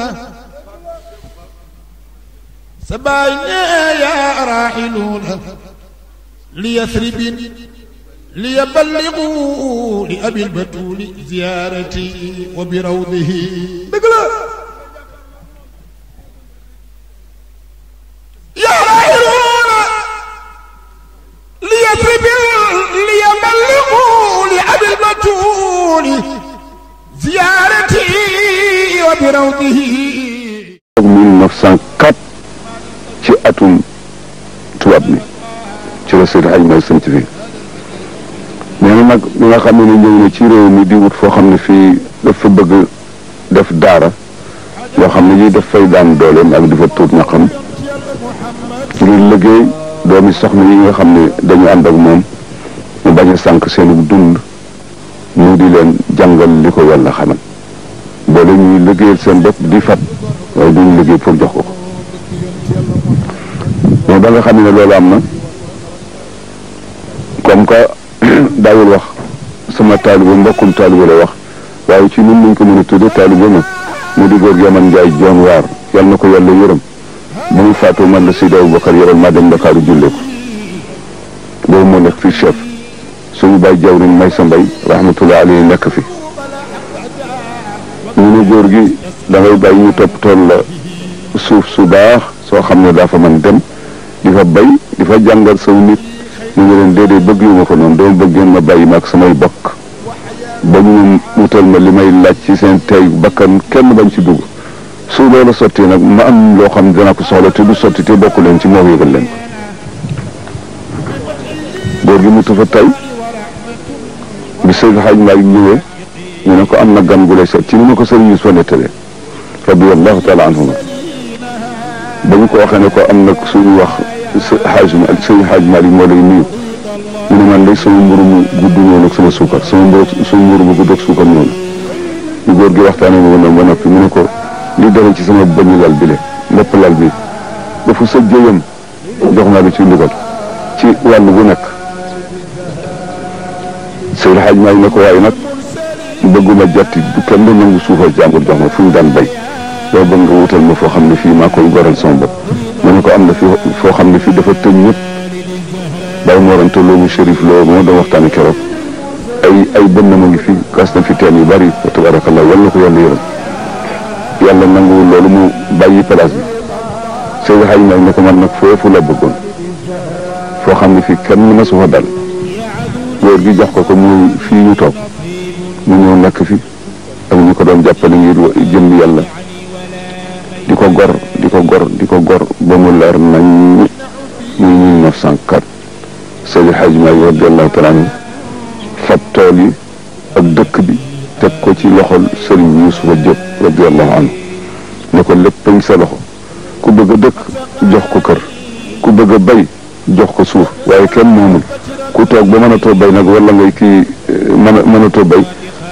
na sa baay nee yaa raaxiluuna li yasribin li yaballigu li abil batuuli ziyaarati wa bi rawdihi atum tubaab mi ci la Seydi Hadj Malick sanc fii nee na nag mi nga xam ne ni ñëw na ci réew mi di wut foo xam ne fii fa bëgg def daara yoo xam ne ñii daf fay daan dooleem ak di fa tuut ñaxam ngir liggéey doomi soxna xam ne dañu ànd ak moom mu bañ a sànq seen dund mu di leen jàngal li ko yàlla xamal boole ñuy liggéeyal seen bopp di fat waaye duñu liggéey pour jox ko ba nga xam ne loolu am na comme que daawul wax sama taalibu mbokkum taalibu la wax waaye ci nun lañ ko mën a tudd taalibu nag mu di góor gi man Njaay Joon Waar yal na ko yàlla yërëm ba mu faatoo man la Seydi Abubakar yoral maa dem Ndakaaru jullee moo nekk fii chef suñu bàyyi jawriñ may sa mbay rahmatullah alayhi nekk fi ñu ne góor gi da ngay bàyyi ñu topp tool suuf su baax soo xam ne daa fa mën dem di fa bay di fa jàngal saw nit mu ne leen déedéet bëgg yu ma fa noonu dama bëgg ma bàyyi ma ak samay bokk ba mu wutal ma li may laaj ci seen tey bakkan kenn bañ ci dugg su loola sotti nag ma am loo xam dana ko soxla sotti bokk leen ci moom yëgal leen ko góor gi mu tufa tey bi sëñ xaaj maa ne ko am na gan gu lay seet ci ni ma ko sëriñ Yuusufa nettalee radiyallahu taala anhuma ba ñu ko waxee ne ko am na suñu wax xaaj ma sëñ xaaj Malick moo lay nuyu mu man day sama mburu mu gudd noonu ak sama suukar sama mburu sama mburu mu gudd ak suukar noonu ñu góor gi waxtaanee moom ba noppi mu ne ko li dara ci sama bënn bi lépp lal bi dafa sa jëyam jox ci ndigal ci wàll bu nekk sëñ xaaj Malick ne ko waaye nag bëgguma jàtti bu kenn du nangu suufal jàmbur jox fu ñu daan béy yow nga wutal ma foo xam ne fii maa koy goral bopp mu ne ko am na fi foo xam ne fii dafa tëj ñëpp bàyyi moorante loolu shérif loo moo doon waxtaani keroog ay ay bënn ma ngi fi gas na fi teen yu bari wa tabarakallah yàlla na ko yàlla yërëm yàlla nangu loolu mu bàyyi place bi Seydou Hadj Mbaye ko man nag foofu la bëggoon foo xam ne fii kenn mësu fa dal góor gi jox ko ko fi fii ñu toog mu ñëw nekk fi ak ñu ko doon jàppale ngir jëm yàlla di ko gor ko gor di ko gor ba mu leer nañ muy mille neuf cent quatre Seydi Hadji Malick radiyallahu taala fab tool yi ak dëkk bi teg ko ci loxol Serigne Youssoufa Diop radiyallahu anhu ne ko léppañ sa loxo ku bëgg a dëkk jox ko kër ku bëgg a bay jox ko suuf waaye kenn moomul ku toog ba mënatoo bay nag wala ngay kii eh, mën a mënatoo bay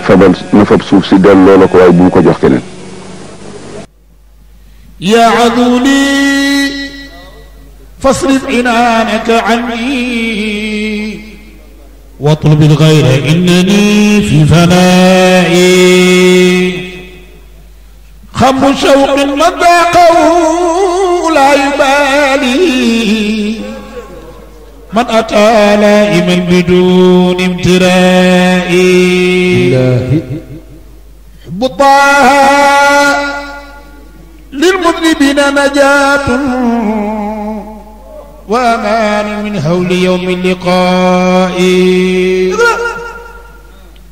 fabal na fab suuf si delloo la ko waaye bu ko jox keneen يا عذولي فاصرف عنانك عني واطلب الغير إنني في فنائي خم شوق من ذاقه لا يبالي من أتى لائما بدون امترائي حب طه للمذنبين نجاة وأمان من هول يوم اللقاء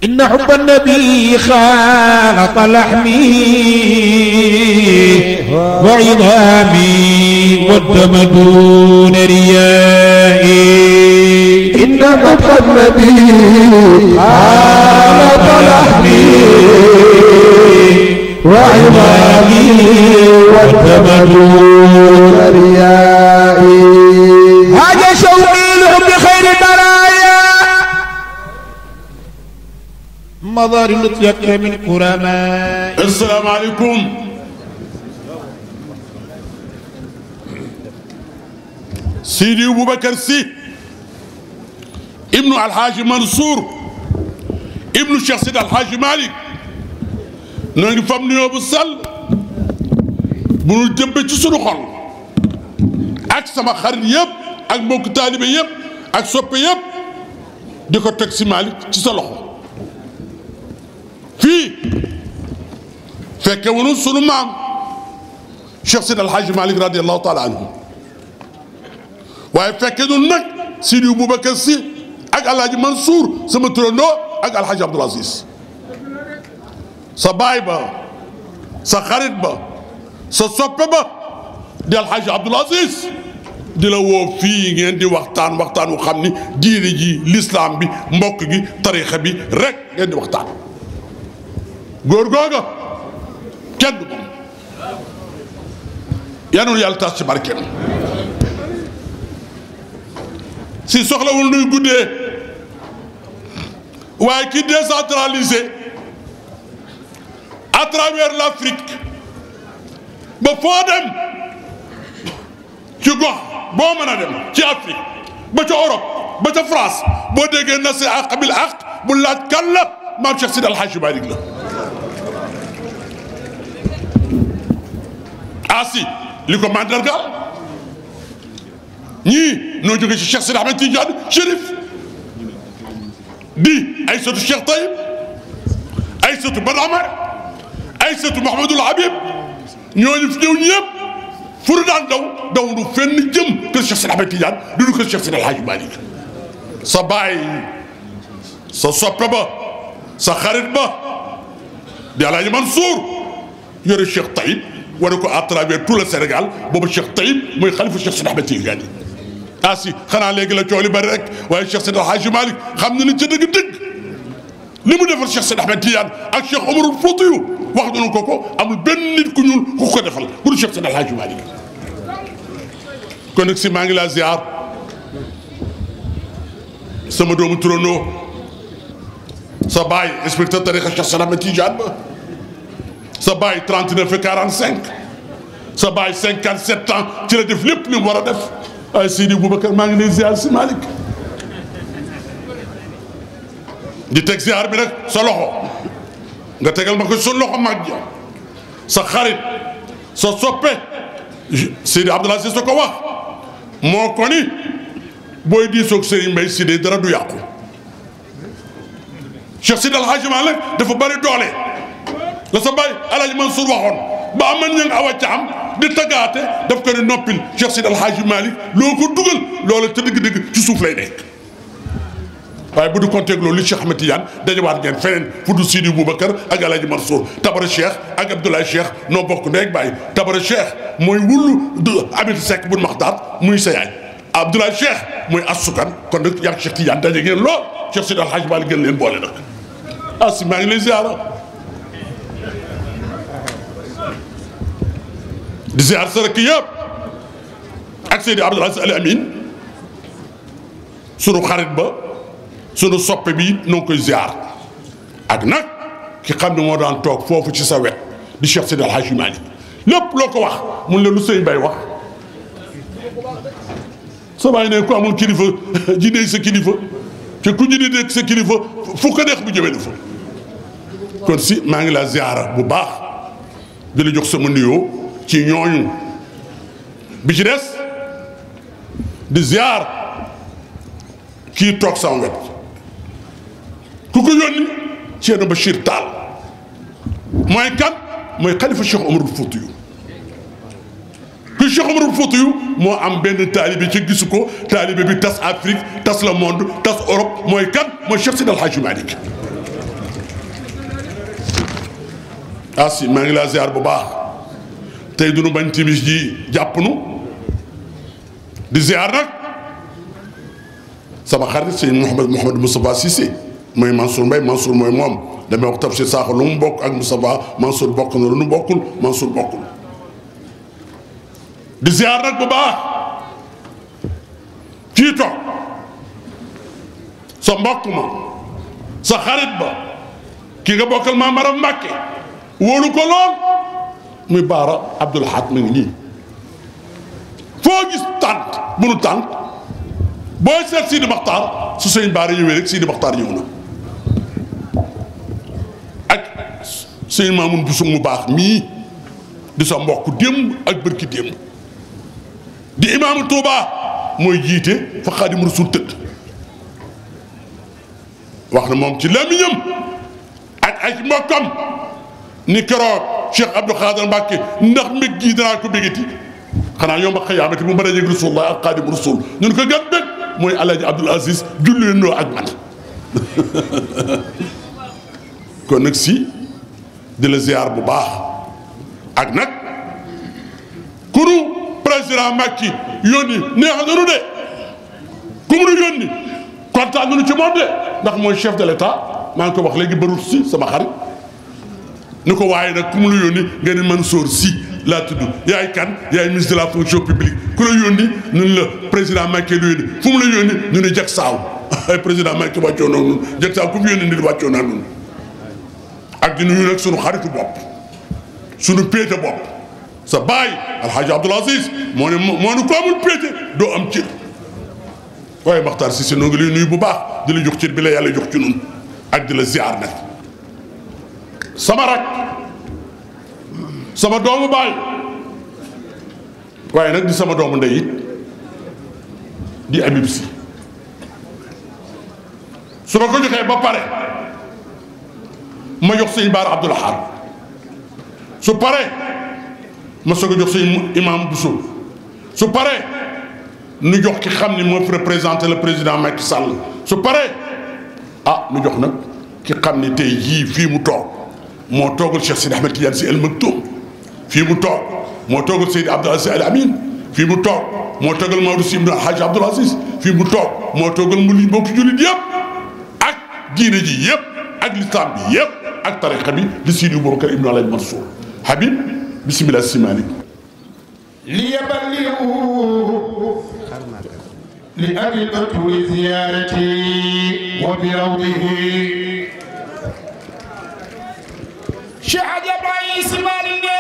إن حب النبي خالط لحمي وعظامي والدم دون ريائي إن حب النبي خالط لحمي وعمامي والثمد ريائي هذا شوقي لهم بخير البرايا مضار نطلق من كرماء السلام عليكم سيدي ابو بكر سي ابن الحاج منصور ابن شخص الحاج مالك noo ngi fam nuyoo bu sell bu nu jëmbe ci sunu xol ak sama xarit yëpp ak mbokk taalibe yëpp ak soppe yëpp di ko teg si ci sa loxo fii fekke wunu sunu maam Cheikh Seydi El Hadji Malick radiallahu taala anhu waaye fekke nun nag Seydi Boubacar Sy ak El Hadji Mansour sama turandoo ak El Hadji Abdoul Aziz sa baay ba sa xarit ba sa soppe ba di alxaaji abdul aziz di la woo fii ngeen di waxtaan waxtaan wu xam ni diine ji lislaam bi mbokk gi tarixa bi rek ngeen di waxtaan góor googa kenn du moom yanul yàlla tas ci barkeem si soxlawul guddee waaye ki décentralisé à travers l'Afrique ba foo dem ci gox boo mën a dem ci Afrique ba ca Europe ba ca France boo déggee na si àq bil àq bu laaj kan la maam Cheikh Sidi Alhaji Malick la asi ah li ko mandargaal ñii noo jógee ci Cheikh Sidi Ahmed Tidiane Chérif di ay sëtu Cheikh Taïb ay sëtu Badamar Aysatu Mahamadul Habib ñooñu fi ñëw ñëpp fu ñu daan daw daw nu fenn jëm kër Cheikh Sidi Ahmed Tidiane du ñu kër Cheikh Sidi El Hadj Malick sa baay sa soppe ba sa xarit ba di Alaaji Mansour yore Cheikh Taïb wane ko à travers tout le Sénégal boobu Cheikh Taïb mooy xalifu Cheikh Sidi Ahmed Tidiane ah si xanaa léegi la coow li bari rek waaye Cheikh Sidi El Hadj Malick xam na ni ca ni mu defal Cheikh Seydi Ahmed Tidiane ak Cheikh Omarul Foutiyu wax nañu ko ko amul benn nit ku ñuul ku ko defal bu dul Cheikh Seydi Alhaji nag si maa ngi laa ziar sama doomu turandoo sa baay inspecteur tariqa Cheikh Seydi Ahmed Tidiane ba sa baay 39 et 45 sa baay 57 ans ci la def war a def ay Seydi Boubacar maa ngi lay ziar si Malick di teg ziar bi nag sa nga tegal ma ko sa loxo mag ja sa xarit sa soppe Sidi Abdoulaye si sa ko wax moo ko ni booy diisoog Serigne Mbaye Sidi dara du yàqu Cheikh Sidi Alhaji Malick dafa bari doole la sa bàyyi Alhaji Mansour waxoon ba aman ña nga awa caam di taggaate daf ko ne noppil Cheikh Sidi Alhaji Malick loo ko dugal loola ca dëgg ci suuf lay nekk waaye bu du konteeg loolu Cheikh Ahmed Tidiane dajawaat ngeen feneen fu du Sidi Boubacar ak El Hadj Mansour Tabara Cheikh ak Abdoulaye Cheikh noo bokk ndeeg bàyyi Tabara Cheikh mooy wullu Amit Seck bu Maxtaar muy sa yaay Abdoulaye Cheikh mooy asukan kon nag yàgg Cheikh Tidiane daje ngeen lool Cheikh Sidi Al Hadj Malick leen boole nag asi maa ngi lay ziara di ziar sa rek yëpp ak Seydi Abdoul Aziz Amin sunu xarit ba sunu soppe bi it koy ziar ak nag ki xam ne moo daan toog foofu ci sa wet di Cheikh Seydi El Hadji lépp loo ko wax mun la lu sëy bay wax soo bàyyi ne ku amul kilifa jinéy sa kilifa te ku jine dégg sa kilifa fu ko neex bu jëmee na fa kon si maa ngi la ziara bu baax di jox sama nuyoo ci ñooñu bi ci des di ziar kii toog sama wet ku ko yónni Thierno Bachir Tall mooy kan mooy xalifa Cheikh Omarul Foutiyu ku Cheikh Omarul Foutiyu moo am benn taalibe ci gisu ko taalibe bi tas Afrique tas le monde tas Europe mooy kan mooy Cheikh Seydi El Hadji Malick asi ah maa ngi laa ziar bu baax tey du nu bañ timis ji jàpp nu di ziar nag sama xarit sëñ Mouhamed Mouhamed Moustapha Cissé muy Mansour Mbaye Mansour mooy moom damay wax Tafsir Sakho lu mu bokk ak Moustapha Mansour bokk na lu nu bokkul Mansour bokkul di ziar nag bu baax kii toog sa mbokk ma sa xarit ba ki nga bokkal maam Maram Mbàkke wóolu ko lool muy Baara Abdoul Ahad mi ngi nii foo gis tànt bu nu tànt booy seet Sidi Maxtaar su sëñ Baara ñëwee rek Sidi Maxtaar ñëw na sëñ Maamun Buso mu baax mi di sa mbokk démb ak bërki démb di imaamu Tuuba mooy jiite fa Xaadimu Rasuul tëdd wax na moom ci lamiñam ak ay mbokkam ni keroog Cheikh Abdou Khadre Mbacke ndax mbég gii danaa ko bégati xanaa yomb ak xayaamati bu mën a yëg Rasulullah ak Xaadimu Rasuul ñun ko gën bég mooy Alaaji Abdoul Aziz julli noo ak man kon di la ziar bu baax ak nag kunu président Macky yónni neex nanu de ku mu nu yónni kontaan nanu ci moom de ndax mooy chef de l'état maa ngi ko wax léegi barut si sama xarit ni ko waaye nag ku mu la yónni nga ni Mansour Sy laa tudd yaay kan yaay ministre de la fonction publique ku la yónni ñun la président Macky lu yónni fu la yónni ñu ne jag saaw ay président Macky wàccoo na ak ñun jag saaw ku fi yónni nit wàccoo na ak di nuyu nag sunu xaritu bopp sunu péete bopp sa baay alxaaji Abdul Aziz moo ne moo ne amul péete doo am cër waaye Maxtaar si si noo ngi lay nuyu bu baax di la jox cër bi la yàlla jox ci nun ak di la ziar nag sama rak sama doomu baay waaye nag di sama doomu ndey di Habib Sy su ko joxee ba pare ma jox sëñ Baara Abdoul Ahad su pare ma soog a jox sëñ Imam Bousso su pare nu jox ki xam ni moo fi représenté le président Macky Sall su paree ah nu jox nag ki xam ne te jii fii mu toog moo toogal Cheikh Sidi Ahmed Tidiane Sy Al Maktoum fii mu toog moo toogal Seydi Abdoul Aziz Al Amin fii mu toog moo toogal Maodo Sy Ibn Hadj Abdoul Aziz fii mu toog moo toogal mu li mbokki jullit yëpp ak diine ji yëpp ak lislaam bi yépp ak tariqa bi li Sidi Boubacar Ibn Alhaji Mansour Habib bisimilah simaani li yaballiru li abi batuli ziyarati wa bi rawdihi Cheikh Ajabaay simaani ne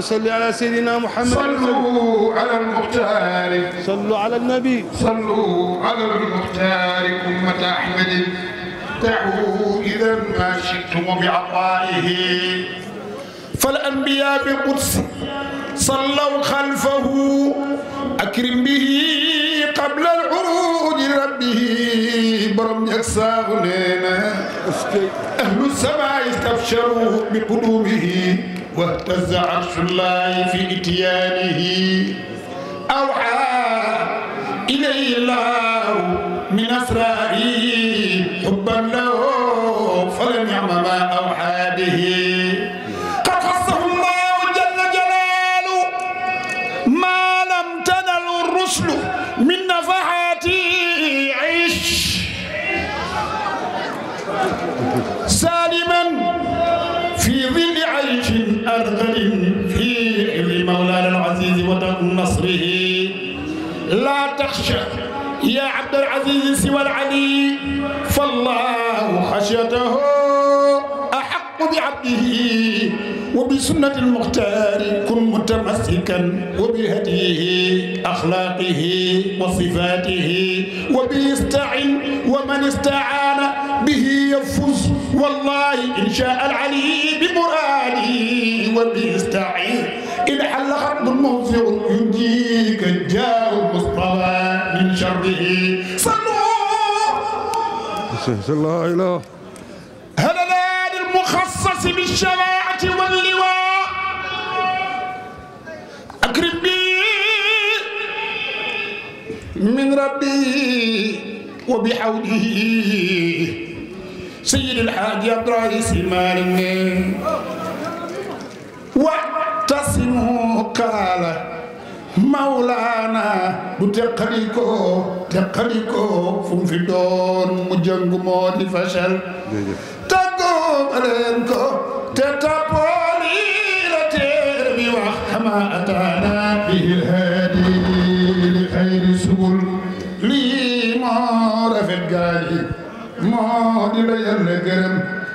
اللهم صل على سيدنا محمد صلوا على المختار صلوا على النبي صلوا على المختار أمة أحمد دعوا إذا ما شئتم بعطائه فالأنبياء بقدس صلوا خلفه أكرم به قبل العروج ربه برم يكساه لنا أهل السماء استبشروا بقدومه واهتز عرش الله في إتيانه أوحى إليه الله من أسراره حبا له لا تخشى يا عبد العزيز سوى العلي فالله خشيته أحق بعبده وبسنة المختار كن متمسكا وبهديه أخلاقه وصفاته وبه استعن ومن استعان به يفوز والله إن شاء العلي بمراده وبه استعين على خط الموفر ينجيك جاء المصطفى من شره صلوا لا اله هللان المخصص بالشفاعة واللواء أكرم بي من ربي وبحوله سيد الحاج عبد الرئيس مالك taxtasimu kaala mawlaana du teqalikoo teqalikoo fu fi doon mu jëngu moo fashal tàggoo leen ko te la teer wax xama ataana bihi lhaadi li xayri subul lii moo rafet gaa yi la yàlla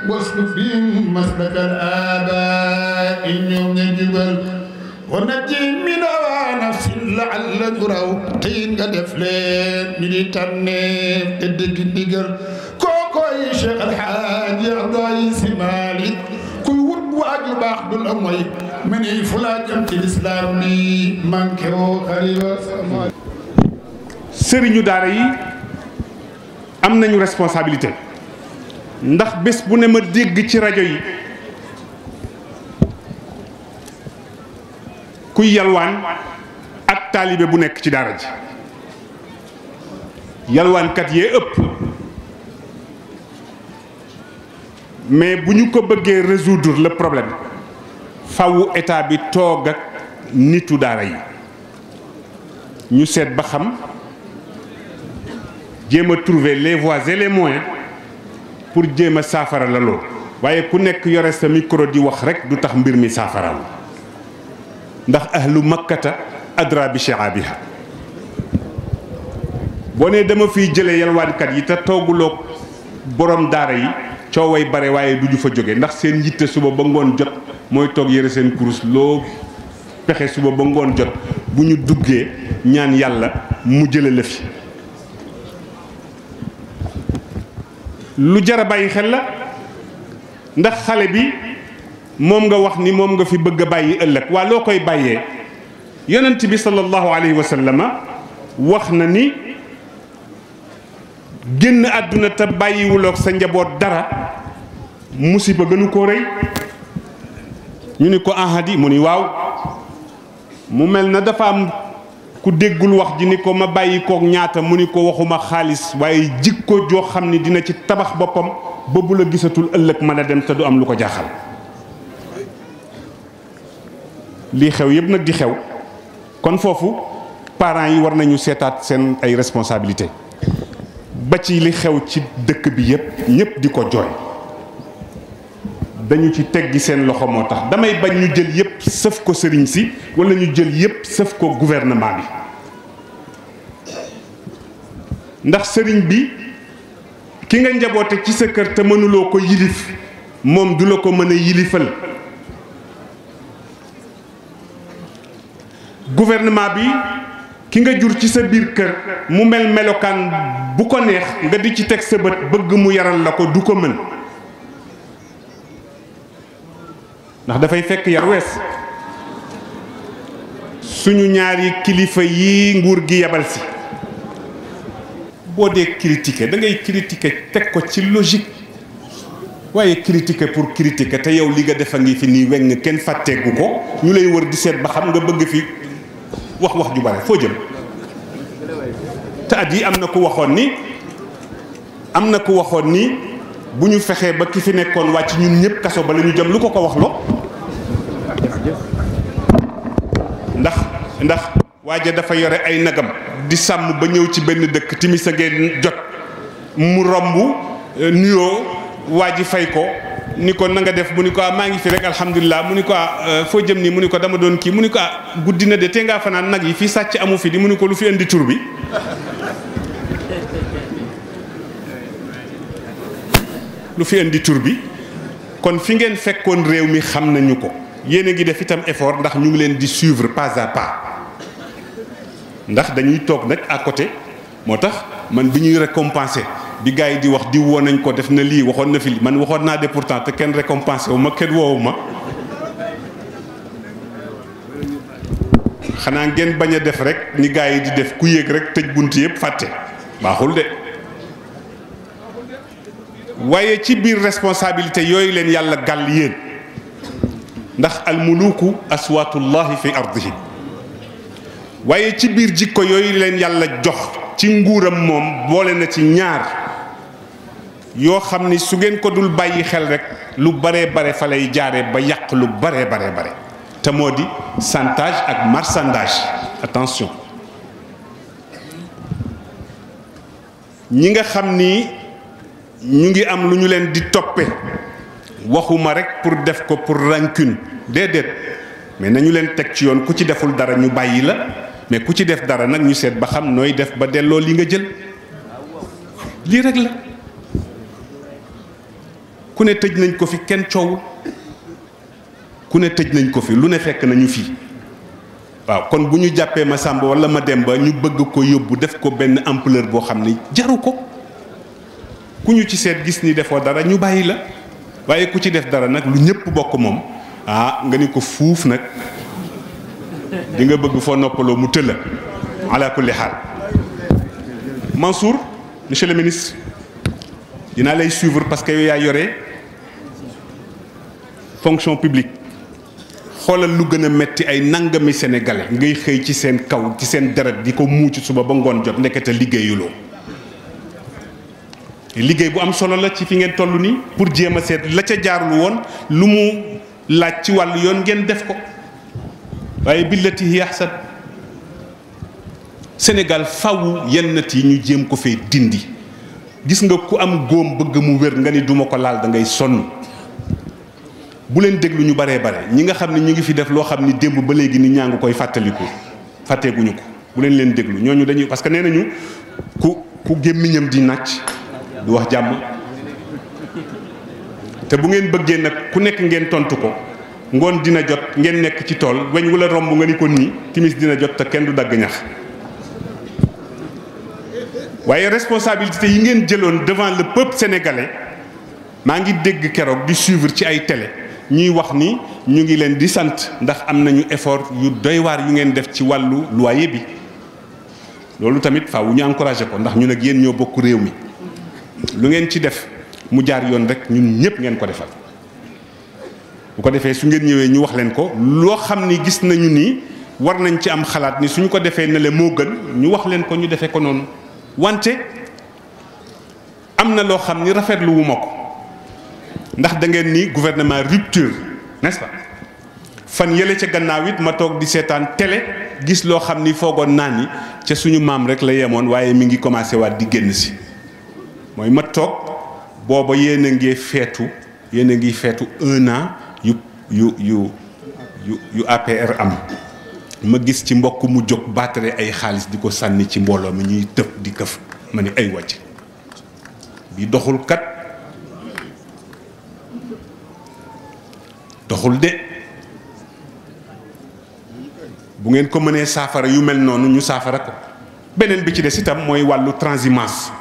واسلك بهم مسلك الآباء يوم يجبل ونجي من نفس لعل نراو تين قدف لين ملي تنف تدك الدقر كوكوي شيخ الحاج يرضي سمالك كل ود واجو باخ دول أموي مني فلا جمت الإسلام لي مانكو خريبا سيري نيو داري am nañu responsabilité ndax bés bu ne ma dégg ci rajo yi kuy yalwaan ak taalibe bu nekk ci daara ji yalwaankat yee ëpp mais bu ñu ko bëggee résoudre la problème fawu état bi toog ak nitu daara yi ñu seet ba xam jéem a trouver les voies et les moyens pour jéem a saafara laloo waaye ku nekk yore sa micro di wax rek du tax mbir mi saafaraal ndax ahlu makkata adra bi shi'abiha boo nee dama fiy jëlee yalwaankat yi te tooguloo borom daara yi cooway bare waaye du ñu fa jóge ndax seen yitte suba ba ngoon jot mooy toog yëre seen kurus loo pexe suba ba ngoon jot bu ñu duggee ñaan yàlla mu jële la fi lu jar a bàyyi xel la ndax xale bi moom nga wax ni moom nga fi bëgg a bàyyi ëllëg waa loo koy bàyyee yonent bi sallallahu alayhi wa sallama wax na ni génn àdduna te bàyyiwulook sa njaboot dara musiba gënu koo rëy ñu ni ko ahadi mu ni waaw mu mel na dafa am ku déggul wax ji ni ko ma bàyyi kook ñaata mu ni ko waxuma xaalis waaye jikko joo xam ni dina ci tabax boppam ba bu la gisatul ëllëg mën a dem te du am lu ko jaaxal lii xew yëpp nag di xew kon foofu parent yi war nañu seetaat seen ay responsabilité ba ci li xew ci dëkk bi yëpp ñëpp di ko jooy dañu ci teg gi seen loxo moo tax damay bañ ñu jël yépp sëf ko sëriñ si walla ñu jël yépp sëf ko gouvernement bi ndax sëriñ bi ki nga njaboote ci sa kër te mënuloo ko yilif moom du la ko mën a yilifal gouvernement bi ki nga jur ci sa biir kër mu mel melokaan bu ko neex nga di ci teg sa bët bëgg mu yaral la ko du ko mën ndax dafay fekk yar wees suñu ñaari kilifa yi nguur gi yabal si boo dee critiquer da ngay critiquer teg ko ci logique waaye critiquer pour critiquer te yow li nga defa ngi fi nii weng kenn fàtteegu ko ñu lay wër di seet ba xam nga bëgg fi wax wax ju bare foo jëm te at yi am na ko waxoon ni am na ku waxoon ni bu ñu fexee ba ki fi nekkoon wàcc ñun ñëpp kaso ba la ñu jëm lu ko ko wax loo ndax ndax waaja dafa yore ay nagam di sàmm ba ñëw ci benn dëkk timis a ngeen jot mu romb euh, nuyoo waa ji fay ko ni ko na nga def mu ni ko ah, maa ngi fi rek alhamdulilah mu ni ko ah, euh, foo jëm nii mu ni ko dama doon kii mu ni ko ah, guddi na de te ngaa fanaan nag yi fii sàcc amu fi di mu ni ko lu fi indi tur bi lu fi indi tur bi kon fi ngeen fekkoon réew mi xam nañu ko yéen a ngi def itam effort ndax ñu ngi leen di suivre pas à pas ndax dañuy toog nag à côté moo tax man bi ñuy récompenser bi gars yi di wax di woon nañ ko def na lii waxoon na fi man waxoon naa de pourtant te kenn récompensé wu ma kenn woowu ma xanaa ngeen bañ a def rek ni gars yi di def ku yéeg rek tëj bunt yëpp fàtte baaxul de. waaye ci biir responsabilité yooyu leen yàlla gàll yéen ndax almuluuku aswaatullahi fi ardihi waaye ci biir jikko yooyu leen yàlla jox ci nguuram moom boole na ci ñaar yoo xam ni su ngeen ko dul bàyyi xel rekk lu bare bare fa lay jaare ba yàq lu bare bare bare te moo di chantage ak marchandage attention ñi nga xam ni ñu ngi am lu ñu leen di toppe waxuma rek pour def ko pour rancune déedéet mais nañu leen teg ci yoon ku ci deful dara ñu bàyyi la mais ku ci def dara nag ñu seet ba xam nooy def ba delloo li nga jël lii rek la ku ne tëj nañ ko fi kenn coowul ku ne tëj nañ ko fi lu ne fekk nañu fii waaw kon bu ñu jàppee ma sàmba walla ma dem ba ñu bëgg ko yóbbu def ko benn ampleur boo xam ne jaru ko ku ñu ci seet gis ni defoo dara ñu bàyyi la waaye ku ci def dara nag lu ñëpp bokk moom ah nga ni ko fuuf nag di nga bëgg foo noppaloo mu tëlla ala kulli xaal Mansour le ministre dinaa lay suivre parce que yaa yore fonction publique xoolal lu gën a metti ay nangami sénégalais ngay xëy ci seen kaw ci seen deret di ko muuc suba ba ngoon jot ndekete liggéeyuloo liggéey bu am solo la ci fi ngeen toll nii pour jéem a seet la ca jaarul woon lu mu laaj ci wàll yoon ngeen def ko waaye billati hi ahsan Sénégal faw yennat yi ñu jéem ko fee dindi gis nga ku am góom bëgg mu wér nga ni duma ko laal da ngay sonn bu leen déglu ñu baree bare ñi nga xam ne ñu ngi fi def loo xam ni démb ba léegi ni ñaa ngi koy fàttaliku fàtteeguñu ko bu leen leen déglu ñooñu dañuy parce que nee nañu ku ku gémmiñam di nàcc du wax jàmm te bu ngeen bëggee nag ku nekk ngeen tontu ko ngoon dina jot ngeen nekk ci tool weñ wala romb nga ni ko nii timis dina jot te kenn du dagg ñax waaye responsabilité yi ngeen jëloon devant le peuple sénégalais maa ngi dégg keroog di suivre ci ay tele ñuy wax ni ñu ngi leen di sant ndax am nañu effort yu doy yi ngeen def ci wàllu loyer bi loolu tamit faaw ñu encouragé ko ndax ñu ak yéen ñoo bokk réew mi lu ngeen ci def mu jaar yoon rek ñun ñëpp ngeen ko defal bu ko defee su ngeen ñëwee ñu wax leen ko loo xam ni gis nañu nii war nañ ci am xalaat ni suñu ko defee ne le moo gën ñu wax leen ko ñu defee ko noonu wante am na loo xam ni rafetlu wu ma ko ndax da ngeen ni gouvernement rupture n'est-ce fan yële ca gannaaw it ma toog di seetaan tele gis loo xam ni foogoon naa ni ca suñu maam rek la yemoon waaye mi ngi commencé waat di génn si mooy ma toog booba yéen a ngi feetu yéen a ngi feetu un an yu yu yu yu APR am ma gis ci mbokk mu jóg baatale ay xaalis di ko sànni ci mbooloo mi ñuy tëb di këf ma ni ay wacc bi doxul kat doxul de bu ngeen ko mënee saafara yu mel noonu ñu saafara ko beneen bi ci des itam mooy wàllu transhumance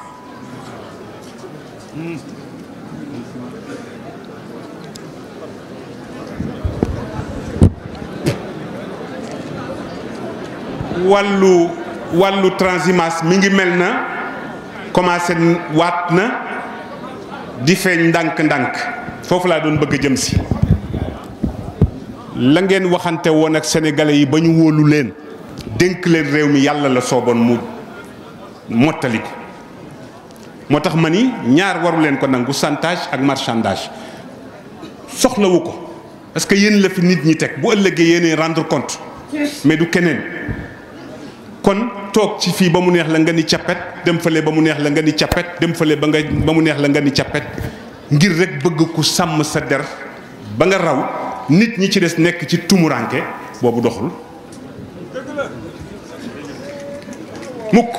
wàllu wàllu transhumance mi ngi mel na commencé waat na di feeñ ndànk-ndànk foofu laa doon bëgg a jëm si la ngeen waxante woon ak sénégalais yi ba ñu wóolu leen dénk leen réew mi yàlla la sooboon mu mottali moo tax ma ni ñaar waru leen ko nangu chantage ak marchandage soxlawu ko parce que yéen la fi nit ñi teg bu ëllëgee yéenay rendre compte mais du keneen kon toog ci fii ba mu neex la nga ni cappet dem fële ba mu neex la nga ni cappet dem ba nga ba mu neex la nga ni cappet ngir rek bëgg ku sàmm sa der ba nga raw nit ñi ci des nekk ci tumuraanke boobu doxul mukk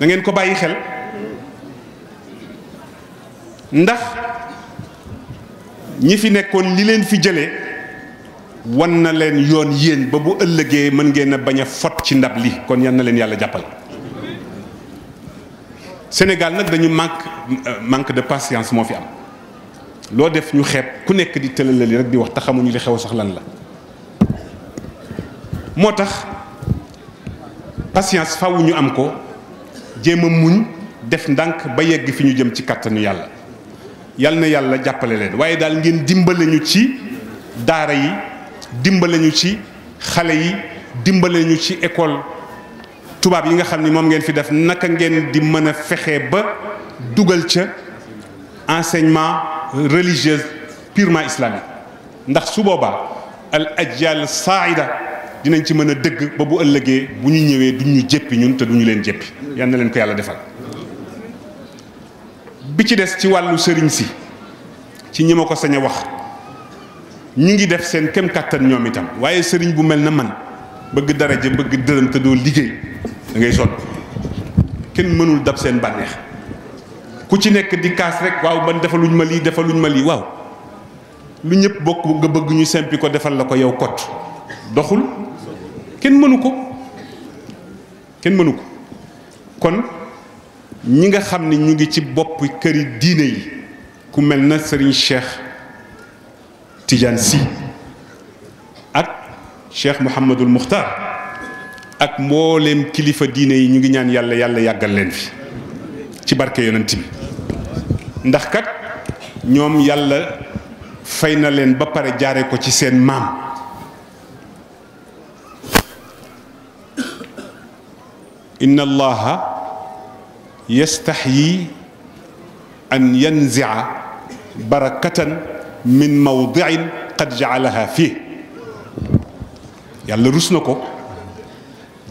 da ngeen ko bàyyi xel ndax ñi fi nekkoon li leen fi jëlee wan na leen yoon yéen ba bu ëllëgee mën ngeen a bañ fot ci ndab li kon yan na leen yàlla jàppal Sénégal nag dañu mànk euh, manque de patience moo fi am loo def ñu xeeb ku nekk di tëlalali rek di wax te xamuñu li xew sax lan la moo tax patience faaw ñu am ko jéem a muñ def ndànk ba yegg fi ñu jëm ci kàttanu yàlla yal na yàlla jàppale leen waaye daal ngeen dimbale ñu ci daara yi dimbale ñu ci xale yi dimbale ñu ci école tubaab yi nga xam ni moom ngeen fi def naka ngeen di mën a fexe ba dugal ca enseignement religieux purement islamique ndax su boobaa al ajyal saaida dinañ ci mën a dëgg ba bu ëllëgee bu ñu ñëwee duñ ñu jéppi ñun te duñu leen jéppi yal na leen ko yàlla defal bi ci des ci wàllu sëriñ si ci ñi ma ko sañ wax ñi ngi def seen kem kàttan ñoom itam waaye sëriñ bu mel na man bëgg daraja bëgg dërëm te doo liggéey da ngay kenn mënul dab seen bànneex ku ci nekk di kaas rek waaw man defaluñ ma lii defaluñ ma lii waaw lu ñëpp bokk nga bëgg ñu simpi ko defal la ko yow kott doxul kenn mënu ko kenn mënu ko kon ñi nga xam ne ñu ngi ci bopp këri diine yi ku mel na Serigne Cheikh Tidiane Sy ak Cheikh Mouhamadul Mukhtar ak mbooleem kilifa diine yi ñu ngi ñaan yàlla yàlla yàggal leen fi ci barke yonent bi ndax kat ñoom yàlla fay na leen ba pare jaare ko ci seen maam inna allaha yastaxyi an yanzia barakatan min mawdiin qad jaalaha fii yàlla rus na ko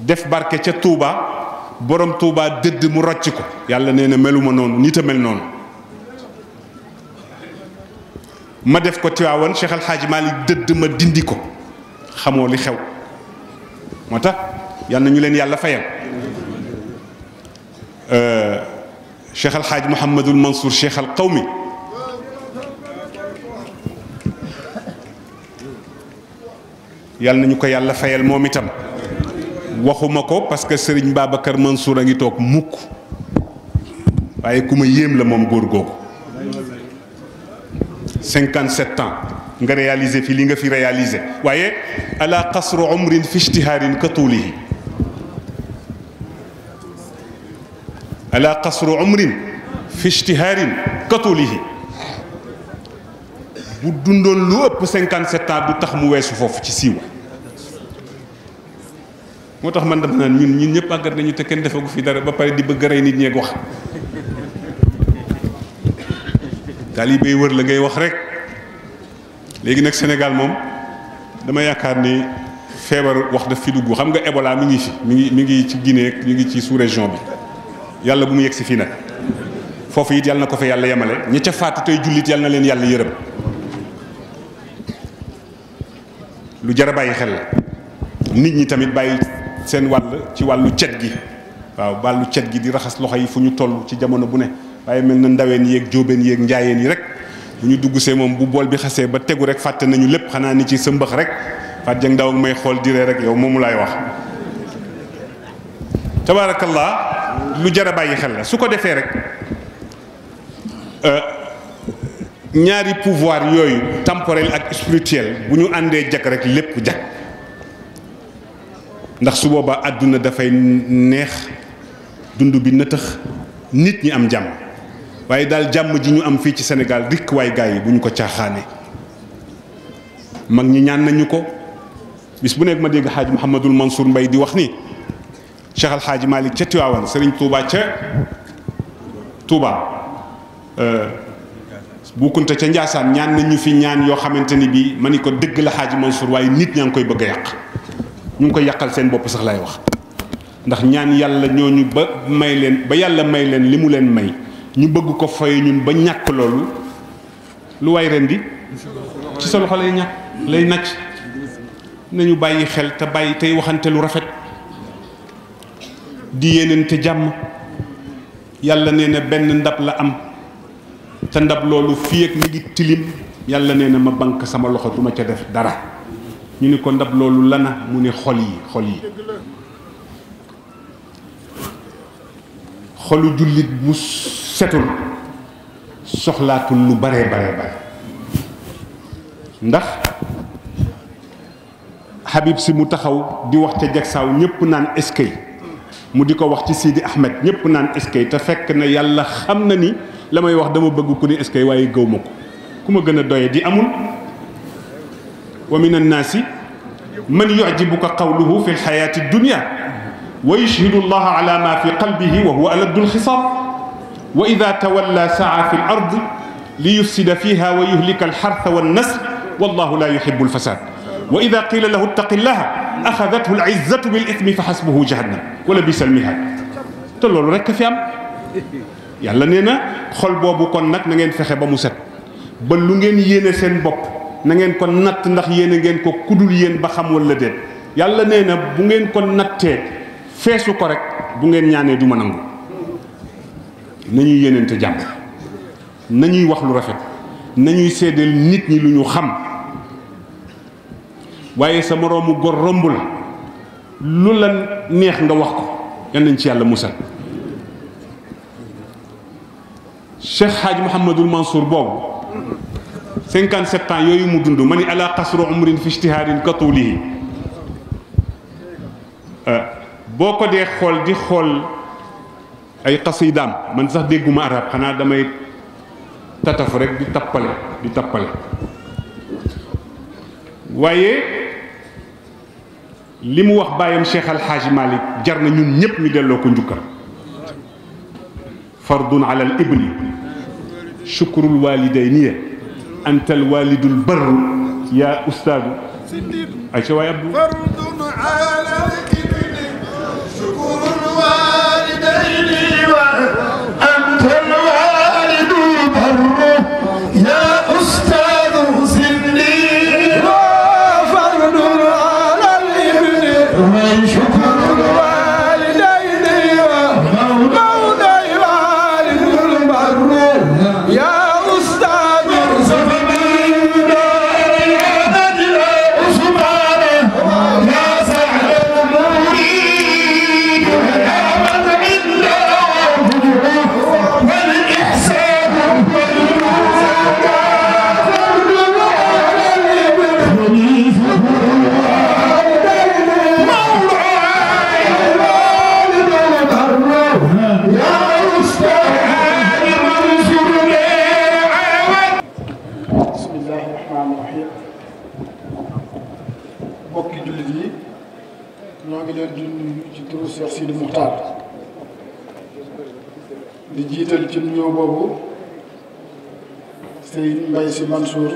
def barke ca tuubaa borom tuubaa dëdd mu rocc ko yàlla nee na meluma noonu nit a mel noonu ma def ko Tiwaawan Cheikh Al Hadj Malick dëdd ma dindi ko xamoo li xew moo tax yal na ñu leen yàlla fayal Euh, cheikh alxaaj Mouhamadul Mansour cheikh al qawmi yàlla nañu ko yàlla fayal moom itam waxuma ko parce que Serigne Babacar Mansour a ngi toog mukk waaye ku ma yéem la moom góor googu 57 ans nga réalisé fi li nga fi réalisé waaye ala qasru umrin fi ijtihaarin ka tuulihi ala qasru umrin fi ijtihaarin katulihi bu dundoon lu ëpp cinquante sept ans tax mu weesu foofu ci siiwa moo tax man dama naan ñun ñun ñëpp àggat nañu te kenn defagu fi dara ba pare di bëgg rey nit ñeeg wax taalibe yi wër la ngay wax rek léegi nag senegal moom dama yaakaar ni feebar wax daf fi dugg xam nga Ebola mi ngi fi mu ngi mi ngi ci Guinée mi ngi ci sous-région bi yàlla bu mu yegg si fii nag foofu it yàlla na ko fa yàlla yemale ñi ca faatu tey jullit yàlla na leen yàlla yërëm lu jar a bàyyi xel la nit ñi tamit bàyyi seen wàll ci wàllu cet gi waaw wàllu cet gi di raxas loxo yi fu ñu toll ci jamono bu ne waaye mel na ndaween yéeg jóobeen yéeg njaayeen yi rek bu ñu dugg see moom bu bool bi xasee ba tegu rek fàtte nañu lépp xanaa ni ci sa mbëx rek Fatou Dieng Ndao ak may xool diree rek yow moomu laay wax tabaarakallah lu jar a bàyyi xel la su ko defee rek euh, ñaari pouvoir yooyu temporel ak spirituel bu ñu àndee jag rek lépp jag ndax su boobaa àdduna dafay neex dund bi nëtëx nit ñi am jàmm waaye daal jàmm ji ñu am fii ci senegal rikk waay gars yi bu ñu ko caaxaane mag ñi ñaan nañu ko bis bu nekk ma dégg xaaj Mouhamadul Mansour mbay di wax nii Cheikh Al Hadj Malick ca Tiwaawan Serigne Touba ca Touba. Euh, bu kunta ca Njaasaan ñaan nañu fi ñaan yoo xamante ni bii ma ni ko dëgg la Xaaji Mansour waaye nit ñaa ngi koy bëgg a yàq ñu ngi koy yàqal seen bopp sax laay wax ndax ñaan yàlla ñu ba may leen ba yàlla may leen li mu leen may ñu bëgg ko fay ñun ba ñàkk loolu lu waay ren di ci sa loxo lay ñàkk lay nàcc nañu bàyyi xel te bàyyi tey waxante lu rafet di ca jàmm yàlla nee na benn ndab la am te ndab loolu fii ak ngi tilim yàlla nee na ma bank sama loxo duma ca def dara ñu ni ko ndab loolu lana mu ne xol yi xol yi xolu jullit bu setul soxlaatul lu bare bare bare ndax Habib si mu taxaw di wax ca jagsaaw ñépp naan eskay mu di ko wax ci Sidi Ahmed ñëpp naan eskay te fekk na yàlla xam na ni la may wax dama bëgg ku ni eskay waaye gëw ma ku ma gën a doye di amul wa min annaasi man yujibuka qawluhu fi lxayaati dunia wa yushhidu allaha ma fi qalbihi wa huwa aladdu lxisaab wa ida tawalla saa fi l li yufsida fiha wa yuhlika alxartha wannasl wallahu la yuhibu alfasad wa ida qila lahu ittaqillaha axadathu alizzatu bil ismi fa xasbuhu jahannam wala bisal mihaad te loolu rek fi am yàlla nee na xol boobu kon nag na ngeen fexe ba mu set ba lu ngeen yéene seen bopp na ngeen ko natt ndax yéene ngeen ko kudul yéen ba xam wala déet yàlla nee na bu ngeen ko nattee feesu ko rek bu ngeen ñaanee du ma nangu nañuy yéeneente jàmm ñuy wax lu rafet nañuy seedeel nit ñi lu ñu xam waaye sa moroomu góor romb la lu la neex nga wax ko yal ci yàlla musal Cheikh Hadj Mouhamadul Mansour boobu 57 ans yooyu mu dund ma ni ala qasru umrin fi ijtihaadin ka tuulihi euh, boo ko dee xool di xool ay daam man sax dégguma arab xanaa damay tataf rek di tappale di tappale waaye li mu wax bàyyam Cheikh Al Hadj Malick jar na ñun ñëpp ñu delloo ko njukkal fardun ala al ibni shukrul walidayni antal walidul barru yaa ustaadu ay ca waay Abdou fardun ala al ibni shukrul walidayni ñoo ngi leen di nuyu ci turu Cheikh Sidi Moukhtar di jiital ci nuyoo boobu si Mbaye Sy Mansour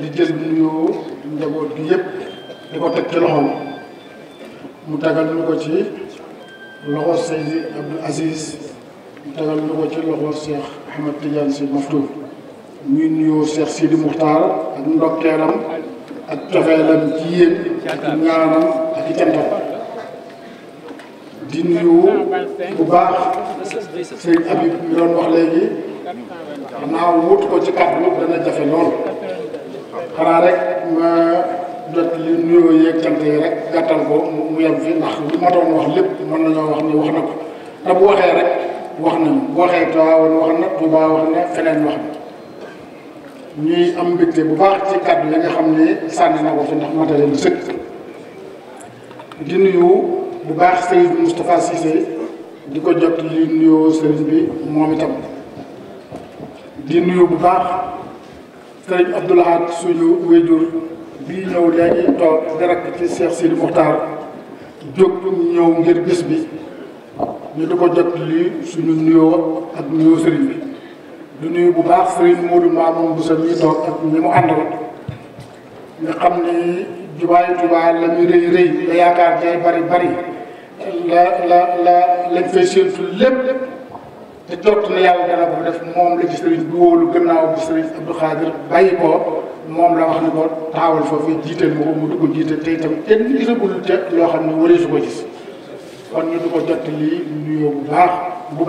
di jël nuyoo njaboot gi yépp di ko teg ci loxoom mu tagal ñu ko ci loxo Seydi Abdou Aziz mu tagal ñu ko ci loxo Cheikh Ahmed Tidiane Sy Maftou ñuy nuyoo Cheikh Sidi Moukhtar ak ndokteelam ak cofeelam ci yéen ñaanam ak i di nuyu bu baax sëñ Habib mi doon wax léegi xam naa wut ko ci kàddu dana jafe lool xanaa rek ma jot li nuyoo yeeg cant yi rek gàttal ko mu yem fi ndax li ma doon wax lépp mën nañoo wax ni wax na ko te bu waxee rek wax nañu bu waxee Tiwaawan wax na Tuubaa wax na feneen wax na ñuy am mbégte bu baax ci kàddu yi nga xam ne sànni na ko fi ndax matériel bi sëkk di nuyu bu baax Serigne Moustapha Cissé di ko jot li nuyoo Serigne bi moom itam di nuyu bu baax Serigne Abdou Lahad suñu wéjur bii ñëw léegi toog di rakk ci Cheikh Sidi Moukhtar jóg ñëw ngir bis bi ñu di ko jot li suñu nuyoo ak nuyoo Serigne bi. du nuyu bu baax Serigne Modou Mamoun mu àndal nga xam ni. jubaayu Tuubaa la muy rëy la yaakaar day bari bari la la la lañ fay séentu lépp te jot na yàlla dana ko def moom la ci sëriñ bi wóolu gannaaw bi sëriñ Abdou Khadir bàyyi ko moom la wax ni ko taawal foofu jiital ma ko mu di ko jiital te itam kenn gisagul te loo xam ne waree su ko gis kon ko jot lii nuyoo bu baax bu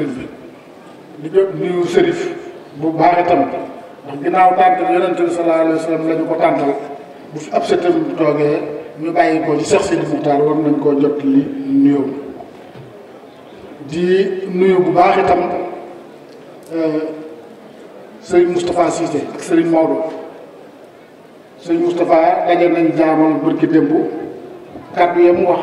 bi di jot nuyu sërif bu baax itam ndax ginnaaw tàntal yonente bi sallallahu alayhi wa sallam la bu fi ab sëtam toogee ñu bàyyi ko ci Cheikh Sidi Moukhtar war nañ koo jot li nuyoo di nuyu bu baax itam euh, sëriñ Moustapha Cissé ak sëriñ Maodo sëriñ Moustapha daje nañ jaamoon bërki démb kàddu ya mu wax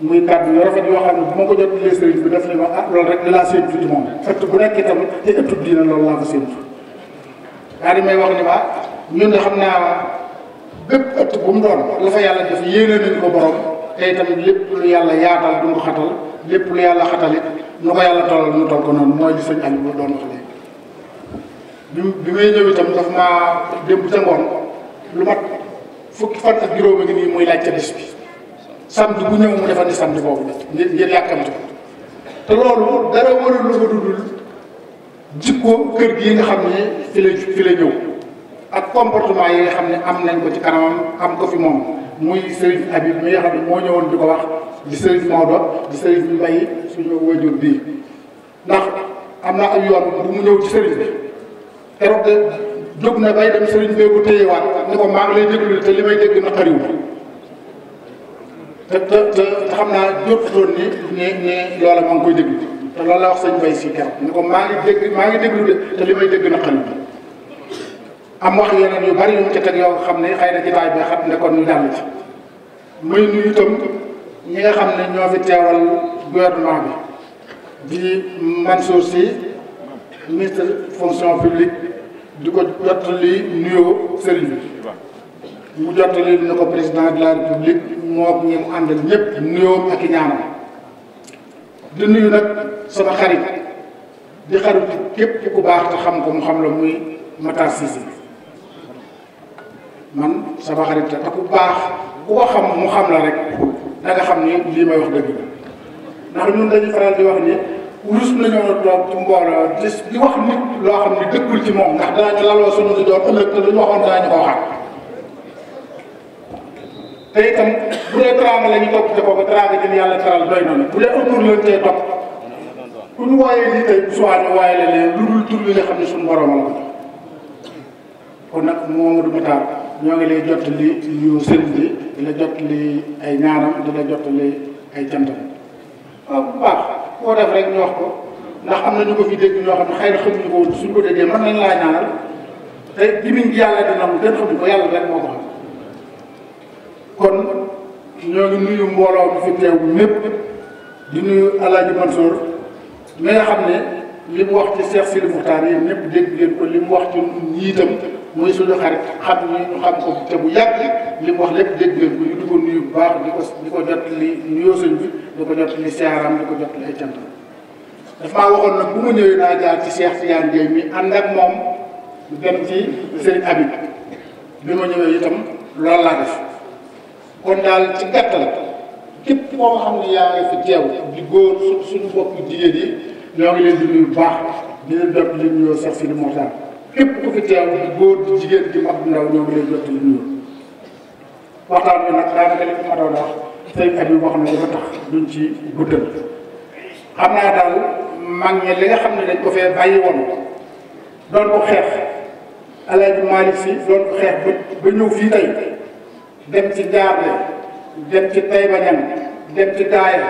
muy kàddu yu rafet yoo xam ne bu ma ko jot lee sëriñ bi daf lay wax ah loolu rek li laa séentu ci moom ëtt bu nekk itam te ëttu diina loolu laa fa séentu daa di may wax ni waa ñun de xam naa bépp ëtt bu mu doon la fa yàlla def yéene nañ ko borom te itam lépp lu yàlla yaatal du mu xatal lépp lu yàlla xatal it nu ko yàlla tollal nu toll noonu mooy li sëñ Aliou bi bi may ñëw itam daf maa lu mat fukki ak juróom a ngi nii muy laaj ca bis bi samedi ni samedi boobu ngir ngir yàkkamti ko te loolu dara waral lu ko dudul jikko kër gii nga xam ne fi la fi la ñëw. ak comportement yi nga xam ne am nañ ko ci kanamam am ko fi moom muy Serigne Habib mi nga xam ne moo ñëwoon di ko wax di Serigne Maodo di Serigne Mbaye suñu wajur bii ndax am na ay yoon bu mu ñëw ci Serigne bi keroog na bay dem Serigne bee ko téyewaat ni ko maa ngi lay déglu te li may dégg naqariwu te te te xam naa jotutoon ni ni ni loola maa ngi koy déglu te loolu la wax sëñ Mbaye si keroog ni ko maa ngi dégg maa de te li may dégg naqariwu am wax yeneen yu bari yu mu ci teg yoo xam ne xëy na jotaay bi xam ne kon ñu jàll ci muy nuyu itam nga xam ne ñoo fi teewal gouvernement bi di Mansour Sy ministre fonction publique di ko jottali nuyoo sëriñ bi mu jottali ni ko président de la république moo ñi mu àndal ñëpp nuyoo ak i ñaanam di nuyu nag sama xarit di xarit képp ku baax te xam ko mu xam la muy Matar Cissé man sama xarit la te ku baax ku ko xam mu xam la rek da xam ni lii may wax dëgg na ndax ñun dañuy faral di wax ni rus nañoo toog nit loo xam ni dëggul ci moom ndax daañu laloo suñu di doon ëllëg te luñ waxoon daañu koo xam ñu topp te kooku teraanga jën yàlla teral doy na bu dee ëppur dul tur li nga xam ne suñu borom la kon nag Mouhamadou Makhtar ñoo ngi lay jot li yu sëriñ bi di jot li ay ñaanam di la jot li ay cantam waaw bu baax koo def rek ñu wax ko ndax am na ñu ko fi dégg ñoo xam ne xëy na xamuñu ko suñ ko déggee mën nañ laa ñaanal te gimiñ yàlla dina ko yàlla rek moo ko xam mbooloo mi fi teew di nuyu El Hadj Mansour mi nga xam ne li mu wax ci Cheikh Sidi Moukhtar yéen ñëpp dégg ngeen ko li mu wax ci ñiitam muy suñu xarit xam ñu xam ko te bu yàgg li mu wax lépp dégg ngeen ko ñu di ko bu baax di ko di ko jot li nuyoo sëñ bi di ko jot li seeraam di ko jot li ay nag bu ma naa jaar ci Cheikh Tidiane Dieye mi ànd ak moom dem ci Serigne Habib bi ma ñëwee itam loolu laa def kon daal ci gàttal képp koo xam ne yaa fi teew di góor suñu bopp jigéen yi ñoo ngi leen di nuyu bu baax di leen jot li nuyoo sax si di képp ku fi teew di góor di jigéen di mag ndaw ñoo jot li nuyu wax tax duñ ci guddal xam naa daal mag ñi li nga xam ne dañ ko fee bàyyi woon doon ko xeex Alaaji Maalik Si doon ko xeex ba ba fii tey dem ci jaarle dem ci tay dem ci daaya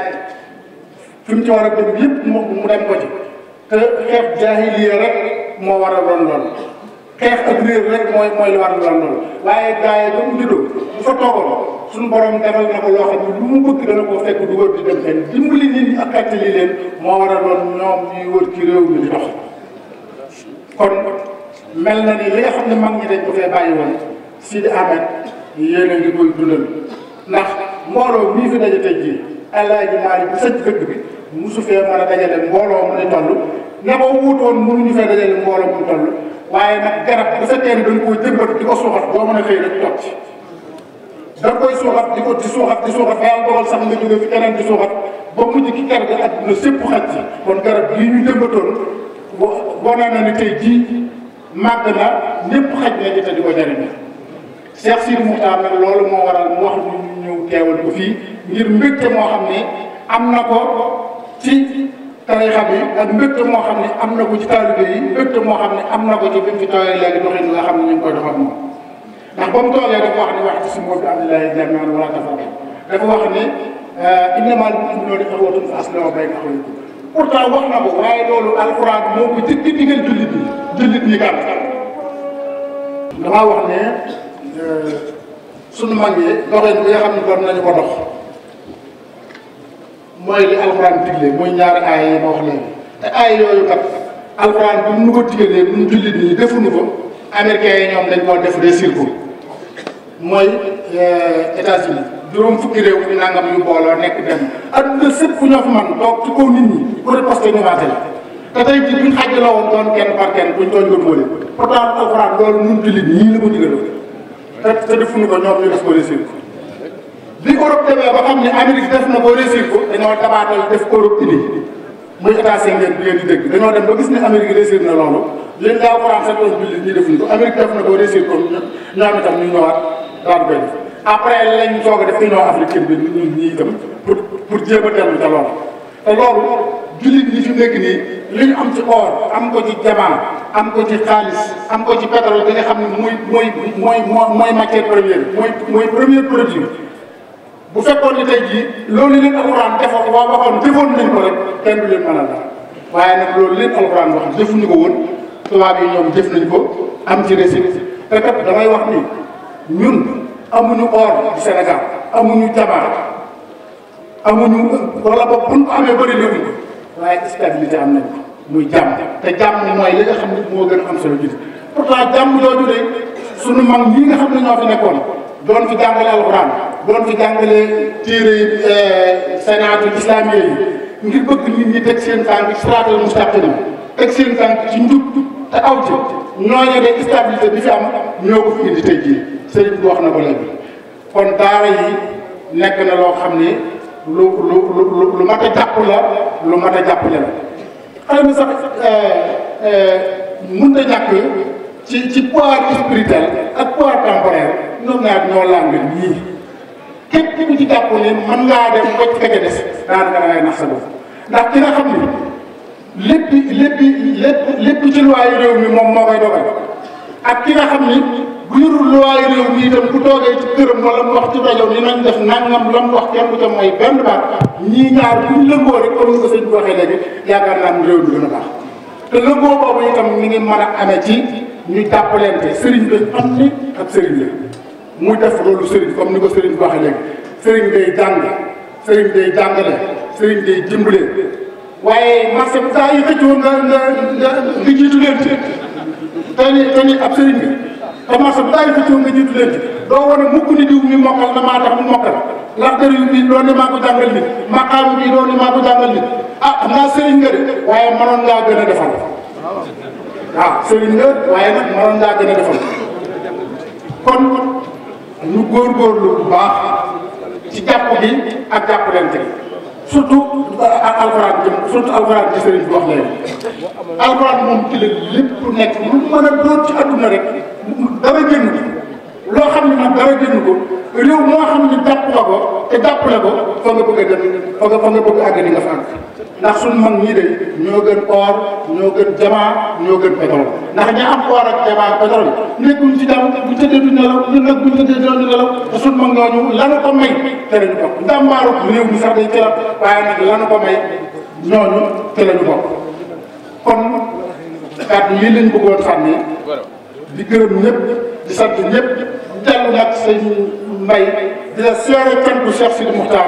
fi mu ci war a dem yëpp mu dem ko ci te xeex jaahiliya rek moo war a doon lool xeex ak réer rek mooy mooy lu war a doon lool waaye gars yi ba mu juddoo bu fa toogoon na ko a doon ñoom ñuy di fee bàyyi a ngi ndax mbooloo mii fi daje tey jii El Hadj Malick bu sëcc dëkk bi mosu fee mën a dajale mbooloo mu ne toll ña ma wuutoon mënuñu fee dajale mbooloo mu toll waaye nag garab bu fekkee ne dañ koo jëmbat di ko suuxat boo mën a xëy rek ci da koy suuxat di ko di suuxat di suuxat a yàlla dogal sax nga jóge fi keneen di suuxat ba mujj ki garab gi ak sépp xaj ci kon garab gii ñu jëmbatoon bonee na ni tey jii màgg na ñëpp xaj na te di ko jariñoo Cheikh Sidi Moukhtar nag loolu moo waral mu wax ñu ñëw teewal ko fii ngir mbégte moo xam ne am na ko ci tarixa bi ak mbégte moo xam ne am na ko ci taalibe yi mbégte moo xam ne am na ko ci bi mu fi toogee léegi doxin xam ne ñu ngi koy doxal moom ndax ba mu toogee dafa wax ne wax ci suñu bi abdoulaye jamian wala tafarraqu dafa wax ne euh, innamal mu'minuuna ixwatun fa aslihu bayna axawaykum pourtant wax na ko waaye loolu alxuraan moo ko jëkk digal jullit yi jullit yi kan damaa wax ne euh, sunu mag yi doxin bi nga xam ne war nañu ko dox mooy li alxuraan digle mooy ñaari aay yi ma wax léegi te aay yooyu kat alxuraan bi mu nu ko digalee bu ñu jullit nii defuñu ko américains yi ñoom dañ koo def des circuits mooy euh, États-Unis juróom fukki réew mi nangam yu booloo nekk dem adduna sëpp ñoo fi man toog ci kaw nit doon kenn par bi Europe demee ba xam ne Amérique def na ko réussir ko dañoo dabaatal def Europe indi muy état Schengen bi ngeen di dégg dañoo dem ba gis ne Amérique réussir na loolu leen daaw France ak onze jullit ñi defuñu ko Amérique def na daal benn après lañ soog a def union africaine bi ñun ñii itam pour pour jéem a dellu ca loolu te loolu jullit ñi fi nekk nii li ñu am ci or am ko ci jamaa am ko ci xaalis am ko ci pétrole bi nga xam ne mooy mooy mooy mooy matière première mooy mooy premier bu fekkoon ne tey jii loolu leen alxuraan defoon waa waxoon defoon ko rek kenn leen mënal dara waaye nag loolu leen alxuraan wax ñu ko woon tubaab yi ñoom jëf nañ ko am ci rési te kat damay wax ni ñun amuñu or du Sénégal amuñu jabar amuñu wala boog buñ ko amee bëri léegi waaye stabilité am nañ ne muy jàmm te jàmm mooy li nga xam ne moo gën a am solo jullit pourtant jàmm jooju de sunu mag ñii nga xam ne ñoo fi nekkoon doon fi jàngale alxuraan doon fi jàngalee téere eh, sénatul islam yooyu ngir bëgg nit ñi teg seen tànk ci siraatal mustaqim teg seen tànk ci njub te aw ci ñooñu de stabilité bi fi am ñoo ko fi indi tey jii sëriñ bi wax na ko léegi kon daara yi nekk na loo xam ni lu lu lu lu mat a jàpp la lu mat a jàppale la xëy na sax eh, eh, mënut a ñàkk ci ci poids spirituel ak poids temporel ñoom ñaar ñoo làng yii. képp ku ci jàppalee mën ngaa dem bocc ka ca des daanaka da ngay nax sa bopp ndax ki nga xam ni lépp lépp lépp ci loi yu réew mi moom moo koy dogal ak ki nga xam ni bu yorul loi yu réew mi itam bu toogee ci këram wala mu wax ci rajo ni nañ def nangam lam wax kenn ku ca mooy benn baat ñii ñaar buñ lëngoo rek comme ko sëñ bi waxee léegi yaakaar naa ne réew mi gën a baax te lëngoo boobu itam mi ngi mën a amee ci ñu jàppalante sëriñ lañ am ni ak sëriñ la muy def loolu sëriñ comme ni ko sëriñ waxee léegi sëriñ day jàng sëriñ day jàngale sëriñ day dimbale waaye marché bu saa yi xëccoo nga nga nga nga jiitu leen ci te ni te ni bi te marché bu saa yu xëccoo nga jiitu leen ci doo wane mukk ni diw mi mokkal na maa tax mokkal ndax dër bi doon ne maa ko jàngal nit maqaamu bi doon ne maa ko jàngal nit ah xam naa nga de waaye mënoon ngaa gën a defal waaw ah, sëriñ nga waaye nag mënoon ngaa gën a defal kon. ñu góor bu baax ci jàpp bi ak jàppalante bi surtout alxuraan bi surtout alxuraan bi sëriñ bi wax léegi alxuraan moom ci la lépp nekk lu mën a doon ci adduna rek dara génn loo xam ne nag dara génn ko réew moo xam ne jàpp la ko te jàpp la ko fa nga bëgg a dem fa nga fa nga bëgg àgg ni nga fa àgg ndax suñu mag ñii de ñoo gën or ñoo gën jamaa ñoo gën pétrole ndax ña am or ak jamaa ak pétrole nekkuñ ci jàmm bu tëddee du nelaw ñun nag bu tëddee du nelaw te suñu mag ñooñu lana ko may tere ñu bokk ndàmbaaru réew mi sax day jëlaat waaye nag lana ko may ñooñu tere ñu bokk kon kàddu yi lañ bëggoon xam ne di gërëm ñëpp di sant ñëpp. dellu nag sëñ Mbaye di la seere cantu Cheikh Sidi Moukhtar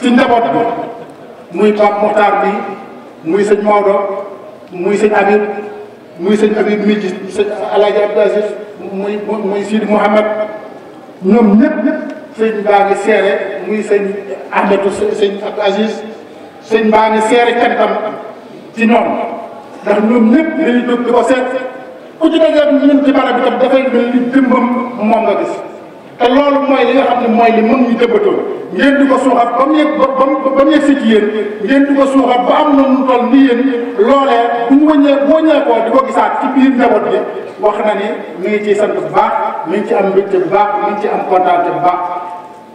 ci njaboot muy Pape Moukhtar bi muy sëñ Maodo muy sëñ Habib muy sëñ Habib mi ci sëñ Alaaji Abdou Aziz muy muy Sidi Mouhamad ngi seere muy sëñ Ahmadou sëñ Abdou Aziz sëñ baa ngi seere cantam ci noonu ndax ñoom ñëpp dañuy jóg ko seet ku ci dajeeg ñun ci barab bi tam dafay mel ni dimbam moom nga gis te loolu mooy li nga xam ne mooy li mën ñu jëmbatoo ngeen di ko suuxat ba mu yëg ba ci yéen ngeen di ko suuxat ba am na mu toll ni yéen loolee bu ñu wëññee boo ñeekoo di ko gisaat ci biir njaboot bi wax na ni mi ngi ci sant bu baax mi ngi ci am mbégte bu baax mi ngi ci am kontaante bu baax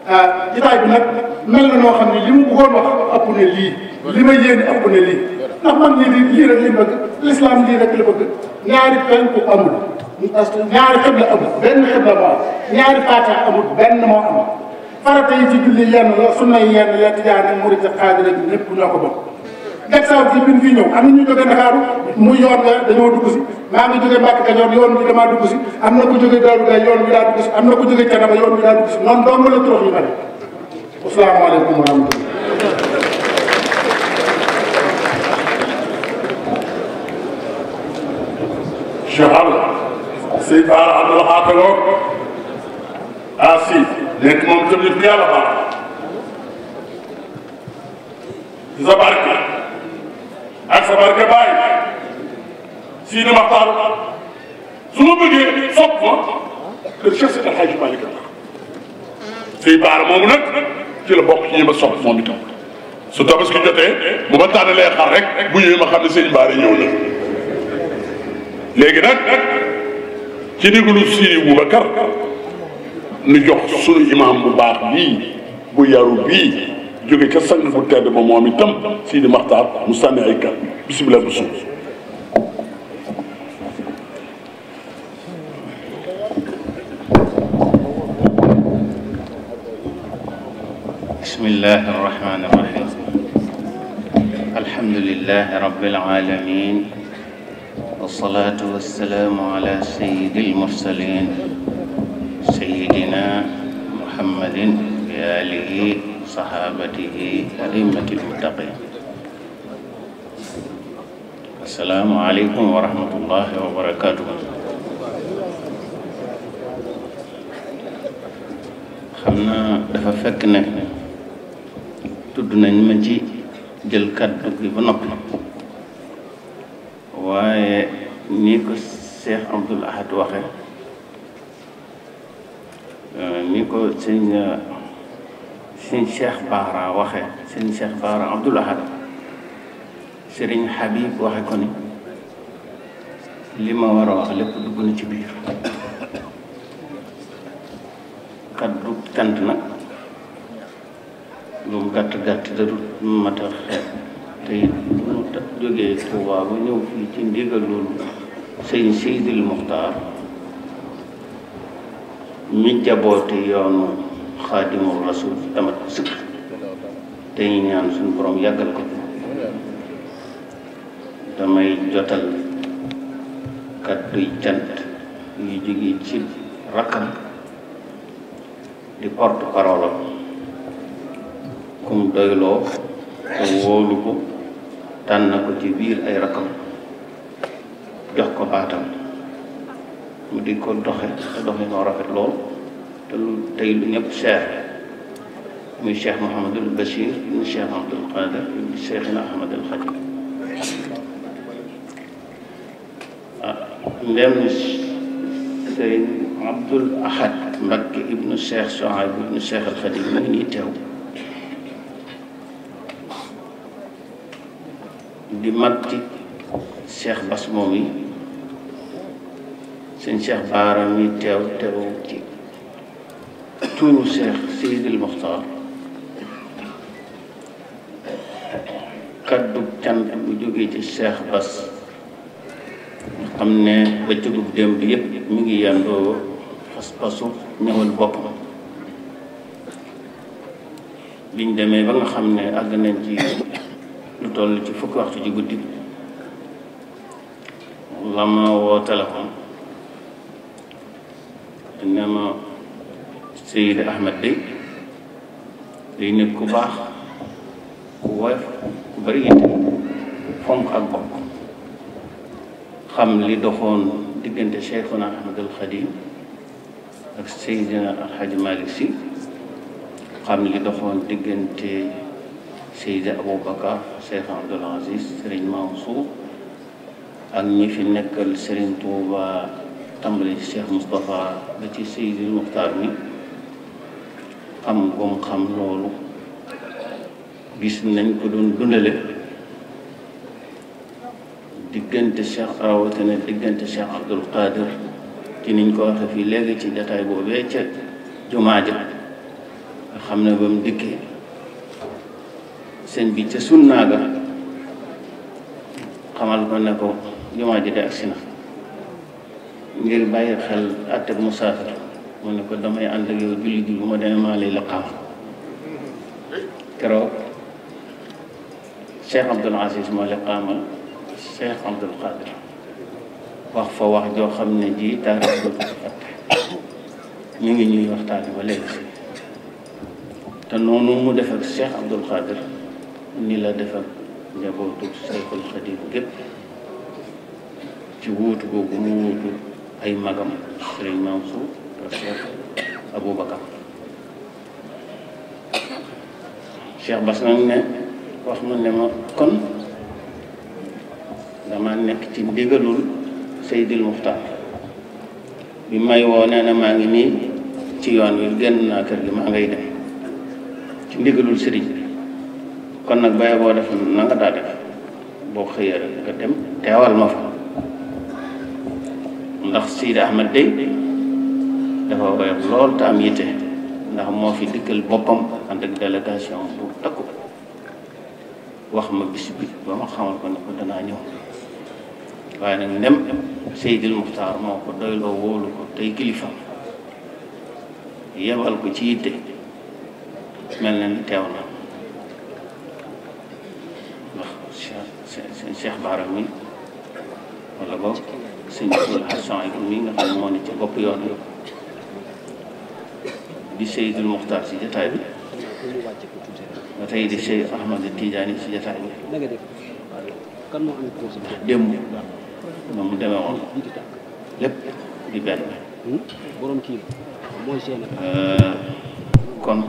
euh, jotaay bi nag mel na moo xam ne li mu bëggoon wax ëpp na lii li ma yéene ëpp na lii ndax man lii lii rek li bëgg l'islam lii rek la bëgg ñaari penku amul ñaari xibla amul benn xibla moo am ñaari faatiha amul benn moo am farata yi ci julli yenn la sunna yi yenn la tijaani murit xaadira bi ñëpp ñoo ko bokk Daksaw bi ñu fi ñëw am na ñu jóge Ndakaaru muy yoon la dañoo dugg si maa ngi jóge Mbàkke Kajoor yoon bi damaa dugg si am na ku jóge Daaru Gay yoon bi daa dugg si am na ku jóge Canaba yoon bi daa dugg si noonu dong la trop yu bari asalaamaaleykum wa rahmatullah Cheikhal Seydi Bara Abdou Lahad Lo ah nekk moom itam nit ku si ni ma bëggee sopp ma kër Cheikh Seydi El Hadji Malick Seydi Bara moomu nag ci la bokk ci ñi ma sopp moom itam su tabaski jotee bu ma tànnalee xar rek bu ñëwee ma xam ne léegi nag ci diglu Sidi Boubacar nu jox sunu imaam bu baax bii bu yaru bii jóge ca sang bu tedd ba moom itam Sidi Maxtaar mu sànni ay kat bisimilah bu suuf bismillahi arrahmani irrahim alhamdulilahi rabbil alamin والصلاة والسلام على سيد المرسلين سيدنا محمد بآله صحابته أئمة المتقين السلام عليكم ورحمة الله وبركاته xamna dafa fekk ne tudd nañ ma ci jël kàddu gi ba noppi waxe euh, ni ko sëñ euh, sëñ Cheikh Baara waxe sëñ Cheikh Baara Abdoul Ahad sëriñ Habib waxe ko ni li ma war a wax lépp dugg na ci biir kaddu cant nag lu gàtt gàtt da du mat a xeet mu jógee Tuubaa ba ñëw fii ci ndigal loolu sëñ Sidil Muxtaar mi jaboote yoonu xaadimu rasul suñu borom yàggal ko damay jotal kàdduy cant yu jóge ci rakkam di porte parole kum doyloo te wóolu ko tànn ko ci biir ay rakkam ko baatam di ko doxe doxe noo rafet lool te lu tey lu ñëpp seer muy cheikh Mouhamadul Bachir ibn cheikh Abdul Qadir ibn cheikhina Ahmadul Xadim ah ndem sëriñ Abdul Ahad Mbakke ibnu cheikh Sohaib ibnu di mag ci cheikh seen Cheikh Baara mi teew teew ci tuuru Cheikh Seydil Moxtaar kaddu cant bu jógee ci Cheikh Bas nga xam ne bëccëgub démb yépp mi ngi yendoo pas-pasu ñëwal boppam biñ demee ba nga xam ne àgg nañ ci lu toll ci fukki waxtu ci guddi la ma woo téléphone ne ma Seydi Ahmed day day nit ku baax ku woyof ku bari yitte fonk ak bokk xam li doxoon diggante Cheikhuna Ahmadul Xadim ak Seydina Alxaji Malik Si xam li doxoon diggante Seydi Aboubacar Cheikh Abdoul Aziz Serigne Mansour ak ñi fi nekkal Serigne Touba tàmbali ci Cheikh Moustapha ba ci Seydil Muxtaar mi xam gum xam loolu gis nañ ko doon dundale diggante Cheikh rawatina diggante Cheikh Abdul ci niñ ko waxe fii léegi ci jataay boobee ca jumaa ja nga xam ne ba mu dikkee sëñ bi ca sunnaaga xamal ko ne ko jumaa ji de agsi na ngir bàyyi xel àtteeg musaafir mu ne ko damay ànd ak yow julli bu ma demee maa lay liqaam keroog Cheikh Abdoul Aziz moo liqaamal Cheikh Abdoul Qadir wax fa wax joo xam ne ji taarix dootu ko ñu ngi ñuy waxtaane ba léegi si te noonu mu def ak Cheikh Abdoul ni la def ak njabootu Cheikhul Xadim gépp ci wuutu googu mu wuutu ay magam sëriñ Mansour ak Cheikh Aboubacar Cheikh ne wax mu ne ma kon dama nekk ci ndigalul Seydil Muxtaar bi may woo nee na maa ngi nii ci yoon wi génn naa kër gi maa ngay dem ci ndigalul sëriñ kon nag bàyyi boo def nanga nga boo xëyee rek nga dem teewal ma fa ndax Sidi Ahmed day dafa woyof lool te am yitte ndax moo fi dikkal boppam ànd ak délégation bu takku wax ma bis bi ba ma xamal ko ne ko danaa ñëw waaye nag ndem Seydil Muxtaar moo ko doyloo wóolu ko tey kilifa yebal ko ci yitte mel na ni teew na ndax Cheikh Cheikh Baara mi wala boog sëñ Abdul Hasan yi mi nga xam moo ne ci bopp yoon yo di Seydul Muxtaar si jataay bi nga tey di Seyd Ahmad Tijaani si jataay bi démb na mu demee lépp di benn hmm? euh, kon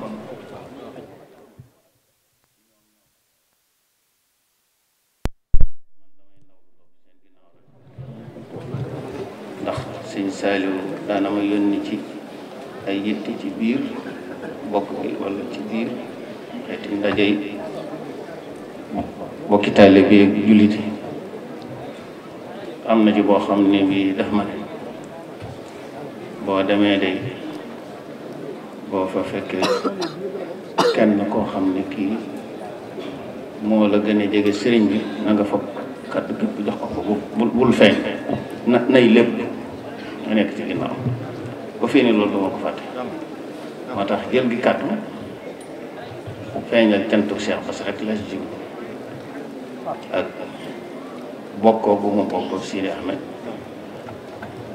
sëñ Saliou daana ma yónni ci ay yitte ci biir bokk bi wala ci biir xeeti ndaje bokki taalibe bi ak jullit yi am na ci boo xam ne bii daf ma ne boo demee day boo fa fekkee kenn koo xam ne kii moo la gën a jege sëriñ bi na fa kàddu gi jox ko ko bul bul feeñ nay lépp nekk ci ginnaaw ba fii nii loolu duma ko fàtte moo tax jël gi kàddu feeñal cantu Cheikh Bass rek la jiw ak bokkoo bu mu bokkoo Sidi Ahmed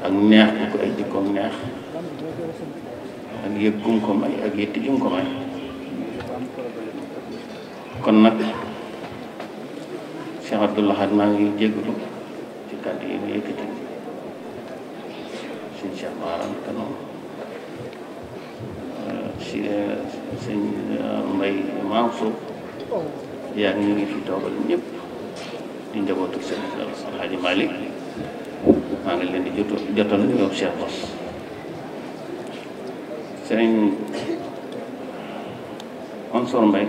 ak neex bu ko ay jikkoom neex ak yëg ko may ak yëtti gum ko may kon nag Cheikh Abdoul Ahad maa ngi jéggalu maarantanoo eh, si eh, sëñ eh, Mbay Mansour yaa ngi ñu ngi fi toogal ñëpp di njabootu sëñ Alhaji Malick maa ngi leen di joto jotoon ñu yow Cheikh Bass sëñ Mansour Mbay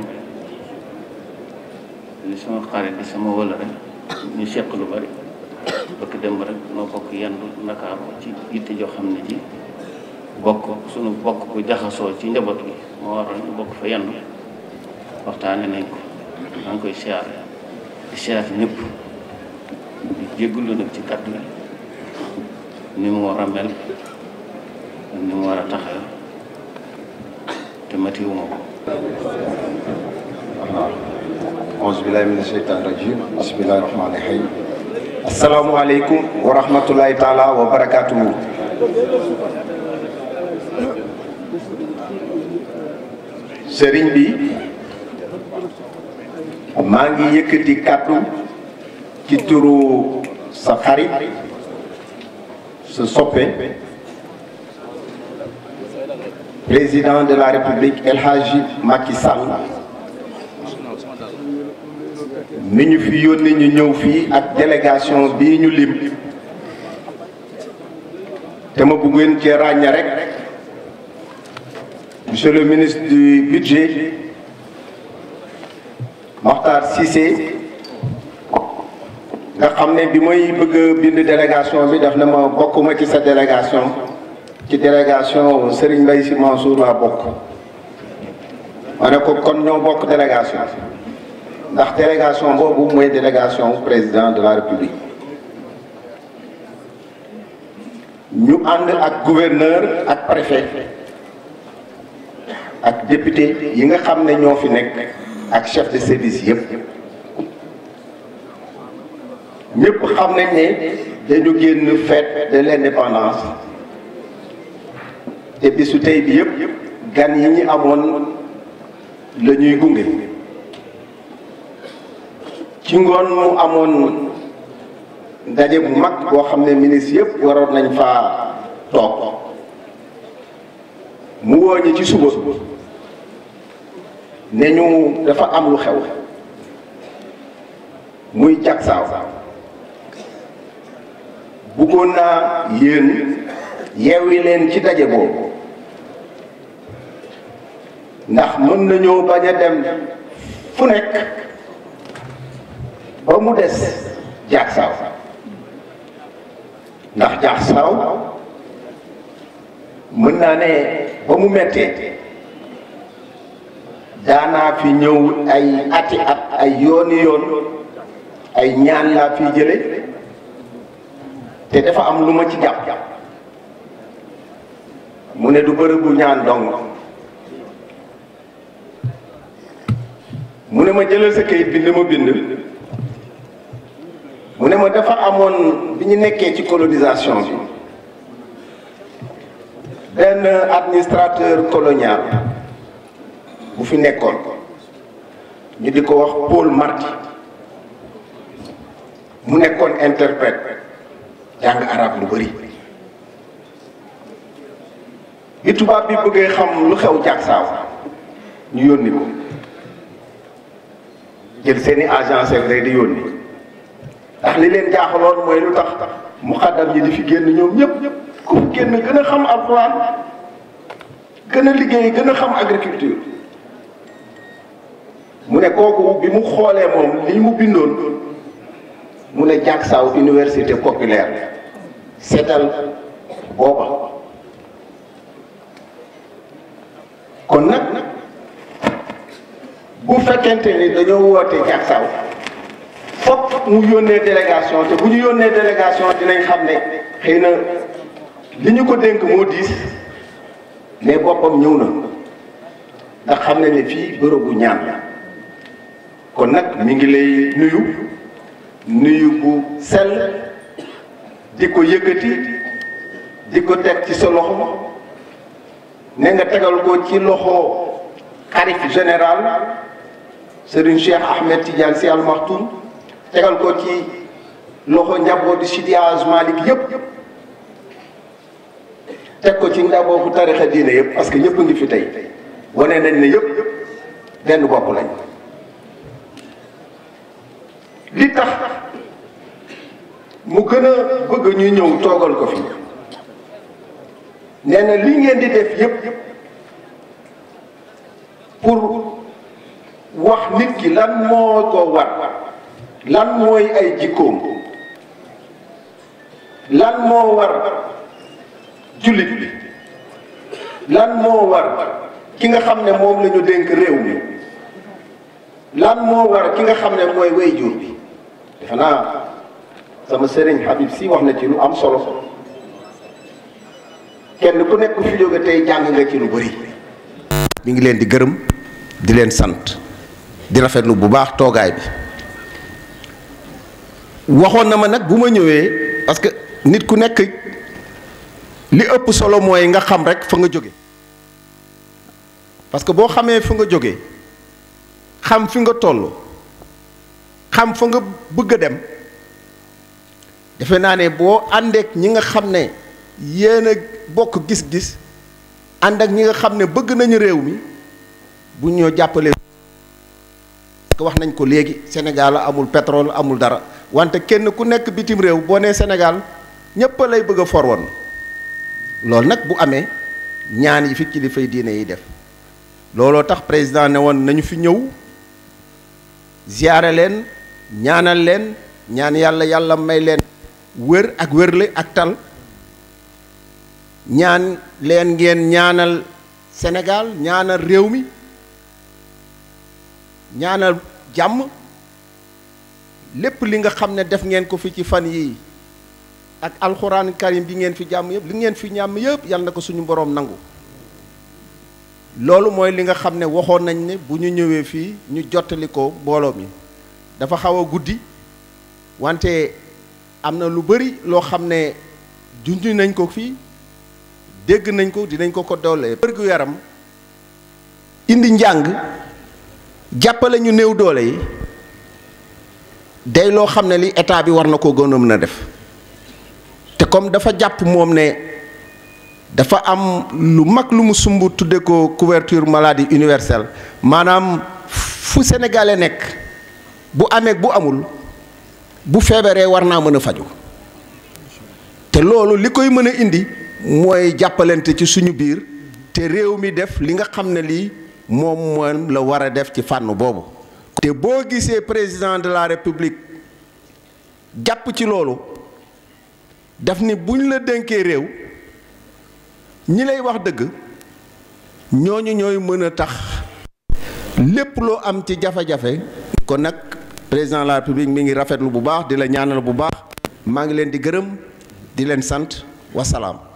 li sama xarit di sama wala rek ñu seq lu bari bëgg dem rek noo bokk yendu ndakaaru ci yitte joo xam ne ji bokk suñu bokk bu jaxasoo ci njaboot gi moo waral ñu bokk fa yendu waxtaane nañ ko maa ngi koy siyaare di siyaare ñëpp di jéggulu nag ci kàddu ni mu war a ni mu war a taxaw te matiwuma ko waaw auzu billaahi mina sheytaani rajiim bismillaahi rahmaani rahiim asalaamualeykum wa rahmatulahi taala wa barakaatuhu sëriñ bi maa ngi yëkkati kàddu ci turu sa xarit sa soppe président de la république El Hadji Macky ni ñu fi yónni ñu ñëw fii ak délégation bii ñu lim te ma bëggeen cee ràññe rek monsieur le ministre du budget Makhtar Cissé nga xam ne bi may bëgg a bind délégation bi daf na ma bokkuma ci sa délégation ci délégation Serigne Mbaye Sy Mansour laa bokk ma ko kon ñoo bokk délégation ndax délégation boobu mooy délégation président de la république ñu ànd ak gouverneur ak préfet ak député yi nga xam ne ñoo fi nekk ak chef de service yëpp ñëpp xam nañ ne dañu génn fête de l'indépendance te bisu tey bi yëpp gan yi ñu amoon la ñuy gunge. ci ngoon mu amoon daje bu mag boo xam ne minis yëpp waroon nañ fa toog mu wooñi ci suba ne ñu dafa am lu xew muy jagsaaw bëggoon naa yéen yi leen ci daje boobu ndax mën nañoo bañ a dem fu nekk ba mu des jaax saaw ndax jaax saaw mën naa ne ba mu mettee daanaa fi ñëw ay ati at ay yooni yoon ay ñaan laa fi jële te dafa am lu ma ci jàpp mu ne du bërëbu ñaan dong mu ne ma jëlal sa kayit bind ma bind mu ne ma dafa amoon bi ñu nekkee ci colonisation bi benn administrateur colonial bu fi nekkoon ko ñu di ko wax Paul Marty mu nekkoon interprète jàng arab lu bëri bi tubaab bi bëggee xam lu xew jagsaaw ñu yónni ko jël seeni agence ak di yónni ndax li leen jaaxaloon mooy lu tax mu muqaddam yi li fi génn ñoom ñëpp ku fi génn gën a xam alxuraan gën a liggéey gën a xam agriculture mu ne kooku bi mu xoolee moom lii mu bindoon mu ne Diacksao université populaire seetal booba kon nag bu fekkente ni dañoo woote saw fokk mu yónnee délégation te bu ñu yónnee délégation dinañ xam ne xëy na li ñu ko dénk moo diis mais boppam ñëw na ndax xam ne ne fii bërëbu ñaan kon nag mu ngi lay nuyu nuyu bu sell di ko yëkkati di ko teg ci sa loxo ne nga tegal ko ci loxo xarit général Serigne Cheikh Ahmed Tidiane Sy Al Maktoum tegal ko ci loxo njabootu Sidi Hadj Malick yëpp teg ko ci njabootu tarixa diine yëpp parce que ñëpp ngi fi tey wane nañ ne yëpp benn bopp lañ li tax mu gën a bëgg ñu ñëw toogal ko fi nee na li ngeen di def yëpp pour wax nit ki lan moo ko war lan mooy ay jikkoom lan moo war jullit bi lan moo war ki nga xam ne moom lañu ñu dénk réew mi lan moo war ki nga xam ne mooy wayjur bi defe naa sama sëriñ Habib si wax na ci lu am solo kenn ku nekk fi jóge tey jàng nga ci lu bëri. ñu ngi leen di gërëm di leen sant di rafetlu bu baax toogaay bi. waxoon na ma nag bu ma ñëwee parce que nit ku nekk li ëpp solo mooy nga xam rek fa nga jóge parce que boo xamee fa nga jóge xam fi nga tollu xam fa nga bëgg a dem defe naa ne boo àndeek ñi nga xam ne yéen a bokk gis-gis ànd ak ñi nga xam ne bëgg nañu réew mi bu ñoo jàppalee parce wax nañ ko léegi Sénégal amul pétrole amul dara wante kenn ku nekk bitim réew boo nee Sénégal ñépp lay bëgg a for woon loolu nag bu amee ñaan yi fi kilifay diine yi def looloo tax président ne woon nañu fi ñëw ziyaare leen ñaanal leen ñaan yàlla yàlla may leen wér ak wérle ak tal ñaan leen ngeen ñaanal Sénégal ñaanal réew mi ñaanal jàmm lépp li nga xam ne def ngeen ko fi ci fan yii ak alxuraan karim bi ngeen fi jàmm yëpp li ngeen fi ñàmm yëpp yal ko suñu boroom nangu loolu mooy li nga xam ne waxoon nañ ne bu ñu ñëwee fii ñu jottali ko mbooloo mi dafa xaw a guddi wante am na lu bari loo xam ne junj nañ ko fii dégg nañ ko dinañ ko ko doole wérgu yaram indi njàng jàppale ñu néew doole yi day loo xam ne li état bi war na ko gën a mën a def te comme dafa jàpp moom ne dafa am lu mag lu mu sumb tudde ko couverture maladie universelle maanaam fu sénégalais nekk bu amee bu amul bu feebaree war naa mën a faju te loolu li koy mën a indi mooy jàppalante ci suñu biir te réew mi def li nga xam ne lii moom moom la war a def ci fànn boobu te boo gisee président de la république jàpp ci loolu daf ni buñ la dénkee réew ñi lay wax dëgg ñooñu ñooy mën a tax lépp loo am ci jafe-jafe kon nag président de la république mi ngi rafetlu bu baax di la ñaanal bu baax maa ngi leen di gërëm di leen sant wasalaam